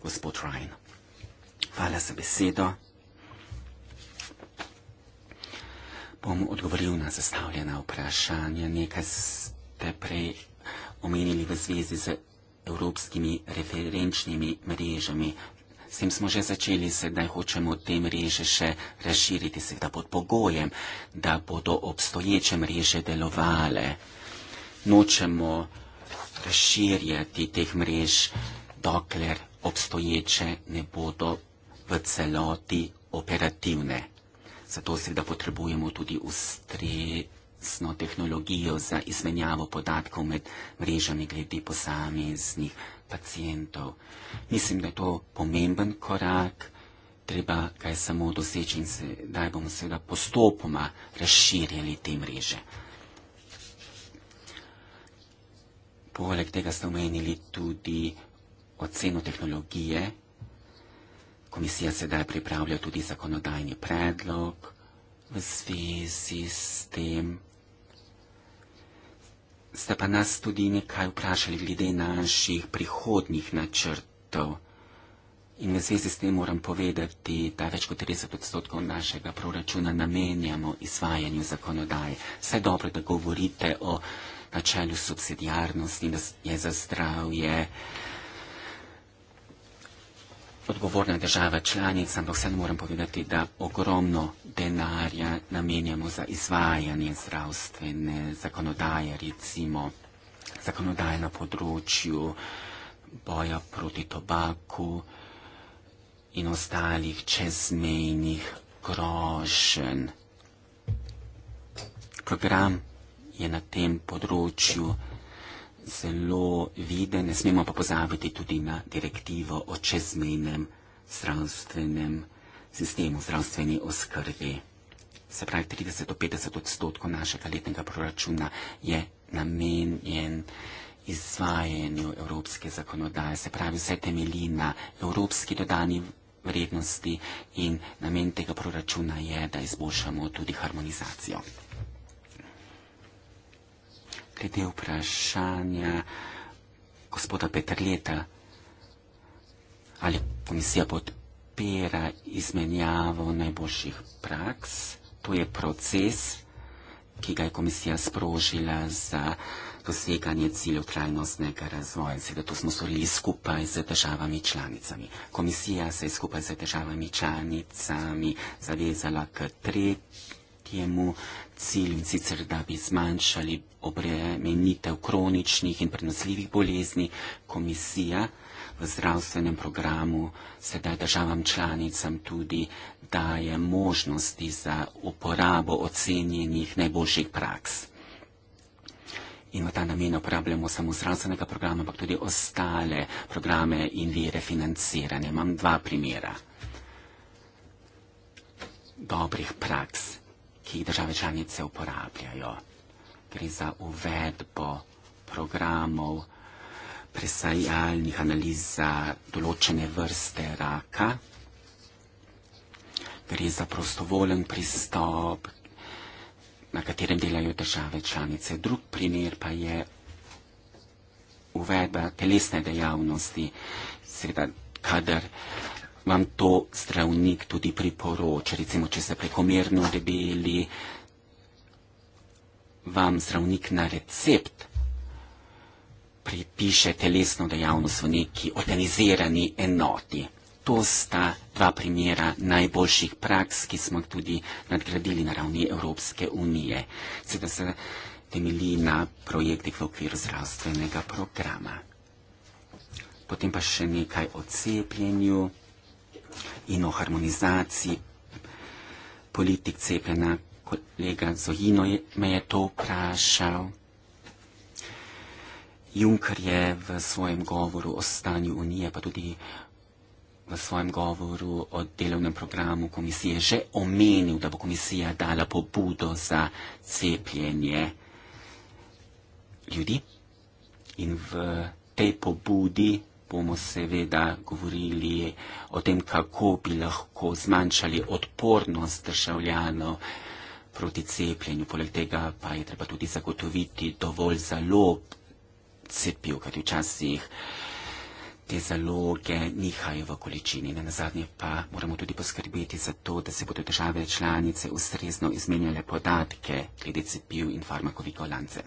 gospod Rajn. Hvala za besedo. Bom odgovoril na zastavljena vprašanja. Nekaj ste prej omenili v zvezi z evropskimi referenčnimi mrežami. S tem smo že začeli, sedaj hočemo te mreže še razširiti, seveda pod pogojem, da bodo obstoječe mreže delovale. Nočemo uh, razširjati teh mrež, dokler obstoječe ne bodo v celoti operativne. Zato seveda potrebujemo tudi ustrezno tehnologijo za izmenjavo podatkov med mrežami glede posameznih pacijentov. Mislim, da je to pomemben korak, treba kaj samo doseči in se, da bomo seveda postopoma razširjali te mreže. Poleg tega ste omenili tudi oceno tehnologije. Komisija sedaj pripravlja tudi zakonodajni predlog v zvezi s tem. Ste pa nas tudi nekaj vprašali glede naših prihodnih načrtov. In v zvezi s tem moram povedati, da več kot 30 odstotkov našega proračuna namenjamo izvajanju zakonodaje. Vse dobro, da govorite o načelu subsidijarnosti, da je za zdravje odgovorna država članica, ampak vseeno moram povedati, da ogromno denarja namenjamo za izvajanje zdravstvene zakonodaje, recimo zakonodaje na področju boja proti tobaku in ostalih čezmejnih grožen. Program je na tem področju zelo viden, ne smemo pa pozabiti tudi na direktivo o čezmenem zdravstvenem sistemu, zdravstveni oskrbi. Se pravi, 30 do 50 odstotkov našega letnega proračuna je namenjen izvajanju evropske zakonodaje. Se pravi, vse temelji na evropski dodani vrednosti in namen tega proračuna je, da izboljšamo tudi harmonizacijo glede vprašanja gospoda Petrleta, ali komisija podpira izmenjavo najboljših praks. To je proces, ki ga je komisija sprožila za doseganje ciljev trajnostnega razvoja. Seveda to smo storili skupaj z državami članicami. Komisija se je skupaj z državami članicami zavezala k tretjemu cilj in sicer, da bi zmanjšali obremenitev kroničnih in prenosljivih bolezni, komisija v zdravstvenem programu sedaj državam članicam tudi daje možnosti za uporabo ocenjenih najboljših praks. In v ta namen uporabljamo samo zdravstvenega programa, ampak tudi ostale programe in vire financiranja. Imam dva primera dobrih praks ki jih države članice uporabljajo. Gre za uvedbo programov presajalnih analiz za določene vrste raka. Gre za prostovolen pristop, na katerem delajo države članice. Drug primer pa je uvedba telesne dejavnosti, seveda kadar vam to zdravnik tudi priporoča, recimo, če ste prekomerno debeli, vam zdravnik na recept pripiše telesno dejavnost v neki organizirani enoti. To sta dva primera najboljših praks, ki smo jih tudi nadgradili na ravni Evropske unije. Seveda se temelji na projektih v okviru zdravstvenega programa. Potem pa še nekaj o cepljenju in o harmonizaciji politik cepljena. Kolega Zohino me je to vprašal. Juncker je v svojem govoru o stanju Unije, pa tudi v svojem govoru o delovnem programu komisije že omenil, da bo komisija dala pobudo za cepljenje ljudi. In v tej pobudi bomo seveda govorili o tem, kako bi lahko zmanjšali odpornost državljanov proti cepljenju. Poleg tega pa je treba tudi zagotoviti dovolj zalog cepiv, kajti včasih te zaloge nihajo v količini. Na nazadnje pa moramo tudi poskrbeti za to, da se bodo države članice ustrezno izmenjale podatke glede cepiv in farmakovih golance.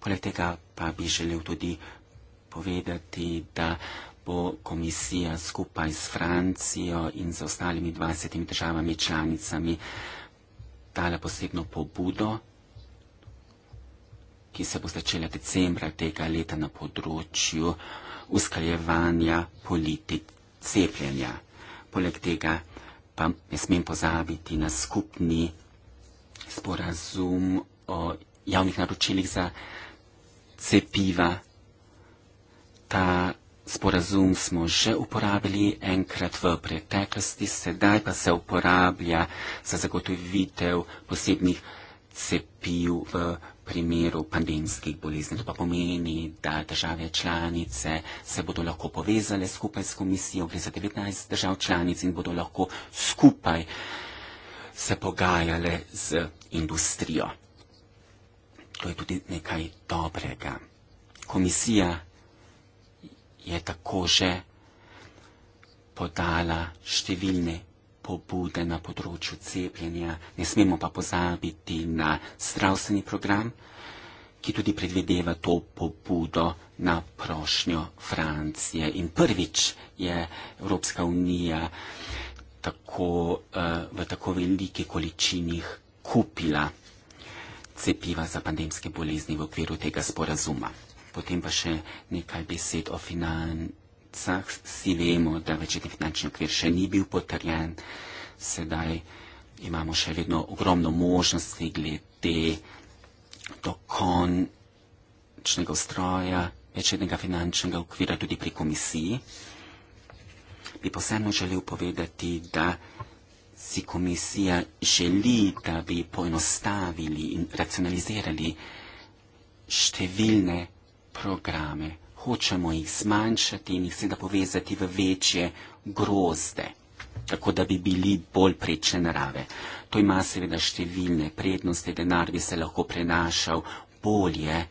Poleg tega pa bi želel tudi povedati, da bo komisija skupaj s Francijo in z ostalimi 20 državami članicami dala posebno pobudo, ki se bo začela decembra tega leta na področju uskaljevanja politik cepljenja. Poleg tega pa ne smem pozabiti na skupni sporazum o javnih naročilih za cepiva. Ta sporazum smo že uporabili enkrat v preteklosti, sedaj pa se uporablja za zagotovitev posebnih cepiv v primeru pandemskih bolezni. To pa pomeni, da države članice se bodo lahko povezale skupaj s komisijo, gre za 19 držav članic in bodo lahko skupaj se pogajale z industrijo to je tudi nekaj dobrega. Komisija je tako že podala številne pobude na področju cepljenja. Ne smemo pa pozabiti na zdravstveni program, ki tudi predvideva to pobudo na prošnjo Francije. In prvič je Evropska unija tako, uh, v tako veliki količinih kupila cepiva za pandemske bolezni v okviru tega sporazuma. Potem pa še nekaj besed o financah. Vsi vemo, da večetni finančni okvir še ni bil potrjen. Sedaj imamo še vedno ogromno možnosti glede dokončnega ustroja večetnega finančnega okvira tudi pri komisiji. Bi posebno želel povedati, da si komisija želi, da bi poenostavili in racionalizirali številne programe. Hočemo jih zmanjšati in jih seveda povezati v večje grozde, tako da bi bili bolj prečne narave. To ima seveda številne prednosti, denar bi se lahko prenašal bolje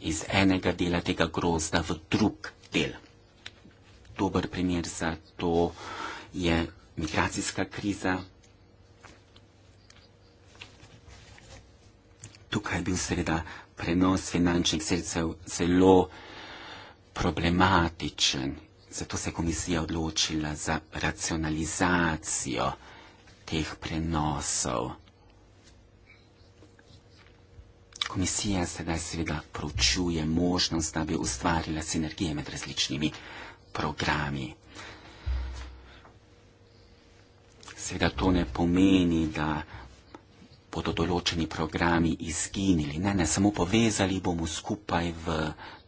iz enega dela tega grozda v drug del. Dober primer za to je migracijska kriza. Tukaj je bil seveda prenos finančnih sredstev zelo problematičen, zato se je komisija odločila za racionalizacijo teh prenosov. Komisija sedaj seveda proučuje možnost, da bi ustvarila sinergije med različnimi programi. Seveda to ne pomeni, da bodo določeni programi izginili. Ne, ne, samo povezali bomo skupaj v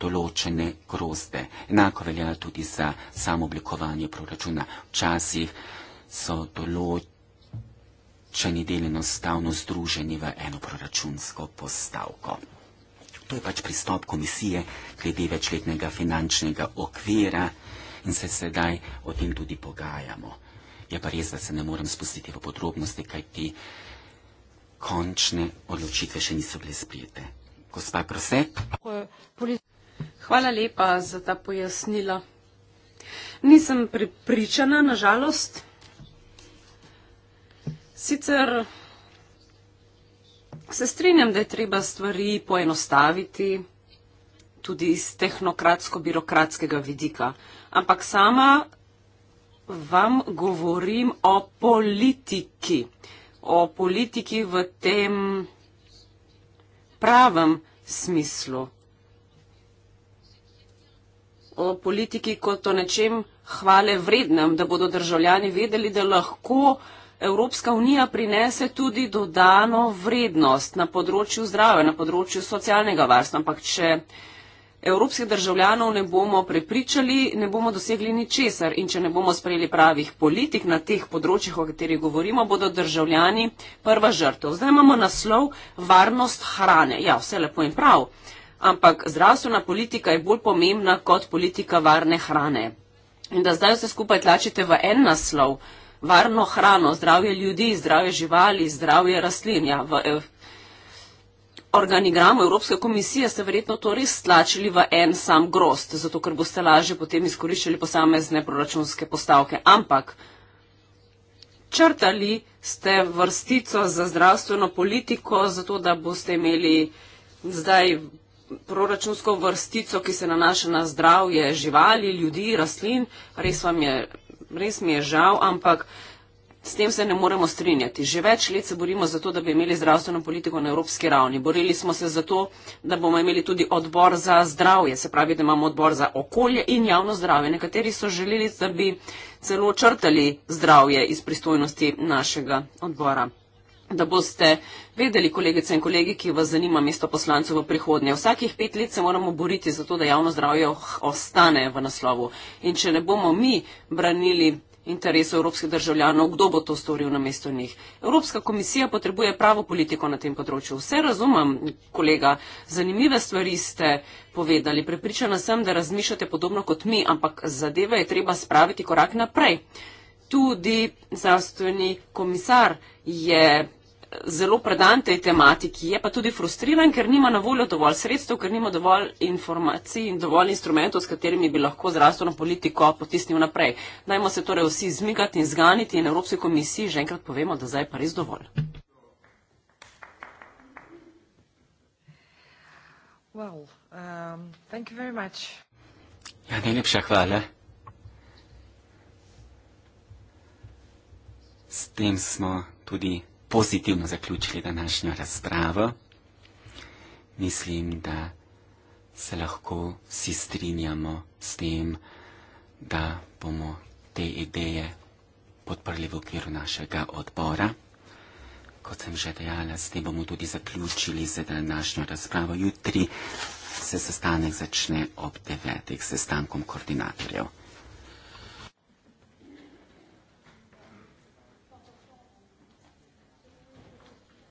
določene grozde. Enako velja tudi za samo oblikovanje proračuna. Včasih so določeni deli enostavno združeni v eno proračunsko postavko. To je pač pristop komisije glede večletnega finančnega okvira in se sedaj o tem tudi pogajamo. Je pa res, da se ne morem spustiti v podrobnosti, kaj ti končne odločitve še niso bile sprijete. Gospa Grosek. Hvala lepa za ta pojasnila. Nisem pripričana, nažalost. Sicer se strinjam, da je treba stvari poenostaviti tudi iz tehnokratsko-birokratskega vidika, ampak sama vam govorim o politiki, o politiki v tem pravem smislu, o politiki kot o nečem hvale vrednem, da bodo državljani vedeli, da lahko Evropska unija prinese tudi dodano vrednost na področju zdrave, na področju socialnega varstva, ampak če evropskih državljanov ne bomo prepričali, ne bomo dosegli ničesar in če ne bomo sprejeli pravih politik na teh področjih, o katerih govorimo, bodo državljani prva žrtev. Zdaj imamo naslov varnost hrane. Ja, vse lepo in prav, ampak zdravstvena politika je bolj pomembna kot politika varne hrane. In da zdaj vse skupaj tlačite v en naslov, varno hrano, zdravje ljudi, zdravje živali, zdravje rastlin. Ja, v, organigramo Evropske komisije ste verjetno to res stlačili v en sam grost, zato ker boste lažje potem izkoriščali posamezne proračunske postavke. Ampak črtali ste vrstico za zdravstveno politiko, zato da boste imeli zdaj proračunsko vrstico, ki se nanaša na zdravje živali, ljudi, rastlin. Res, je, res mi je žal, ampak. S tem se ne moremo strinjati. Že več let se borimo za to, da bi imeli zdravstveno politiko na evropski ravni. Borili smo se za to, da bomo imeli tudi odbor za zdravje, se pravi, da imamo odbor za okolje in javno zdravje. Nekateri so želeli, da bi celo črtali zdravje iz pristojnosti našega odbora. Da boste vedeli, kolegice in kolegi, ki vas zanima mesto poslancev v prihodnje. Vsakih pet let se moramo boriti za to, da javno zdravje oh- ostane v naslovu. In če ne bomo mi branili interesu evropskih državljanov, kdo bo to storil na mesto njih. Evropska komisija potrebuje pravo politiko na tem področju. Vse razumem, kolega, zanimive stvari ste povedali. Prepričana sem, da razmišljate podobno kot mi, ampak zadeve je treba spraviti korak naprej. Tudi zdravstveni komisar je zelo predan tej tematiki, je pa tudi frustriran, ker nima na voljo dovolj sredstev, ker nima dovolj informacij in dovolj instrumentov, s katerimi bi lahko zdravstveno politiko potisnil naprej. Najmo se torej vsi zmigati in zganiti in Evropski komisiji že enkrat povemo, da zdaj pa res dovolj. Well, um, ja, najlepša hvala. S tem smo tudi pozitivno zaključili današnjo razpravo. Mislim, da se lahko vsi strinjamo s tem, da bomo te ideje podprli v okviru našega odbora. Kot sem že dejala, s tem bomo tudi zaključili za današnjo razpravo. Jutri se sestanek začne ob devetih sestankom koordinatorjev.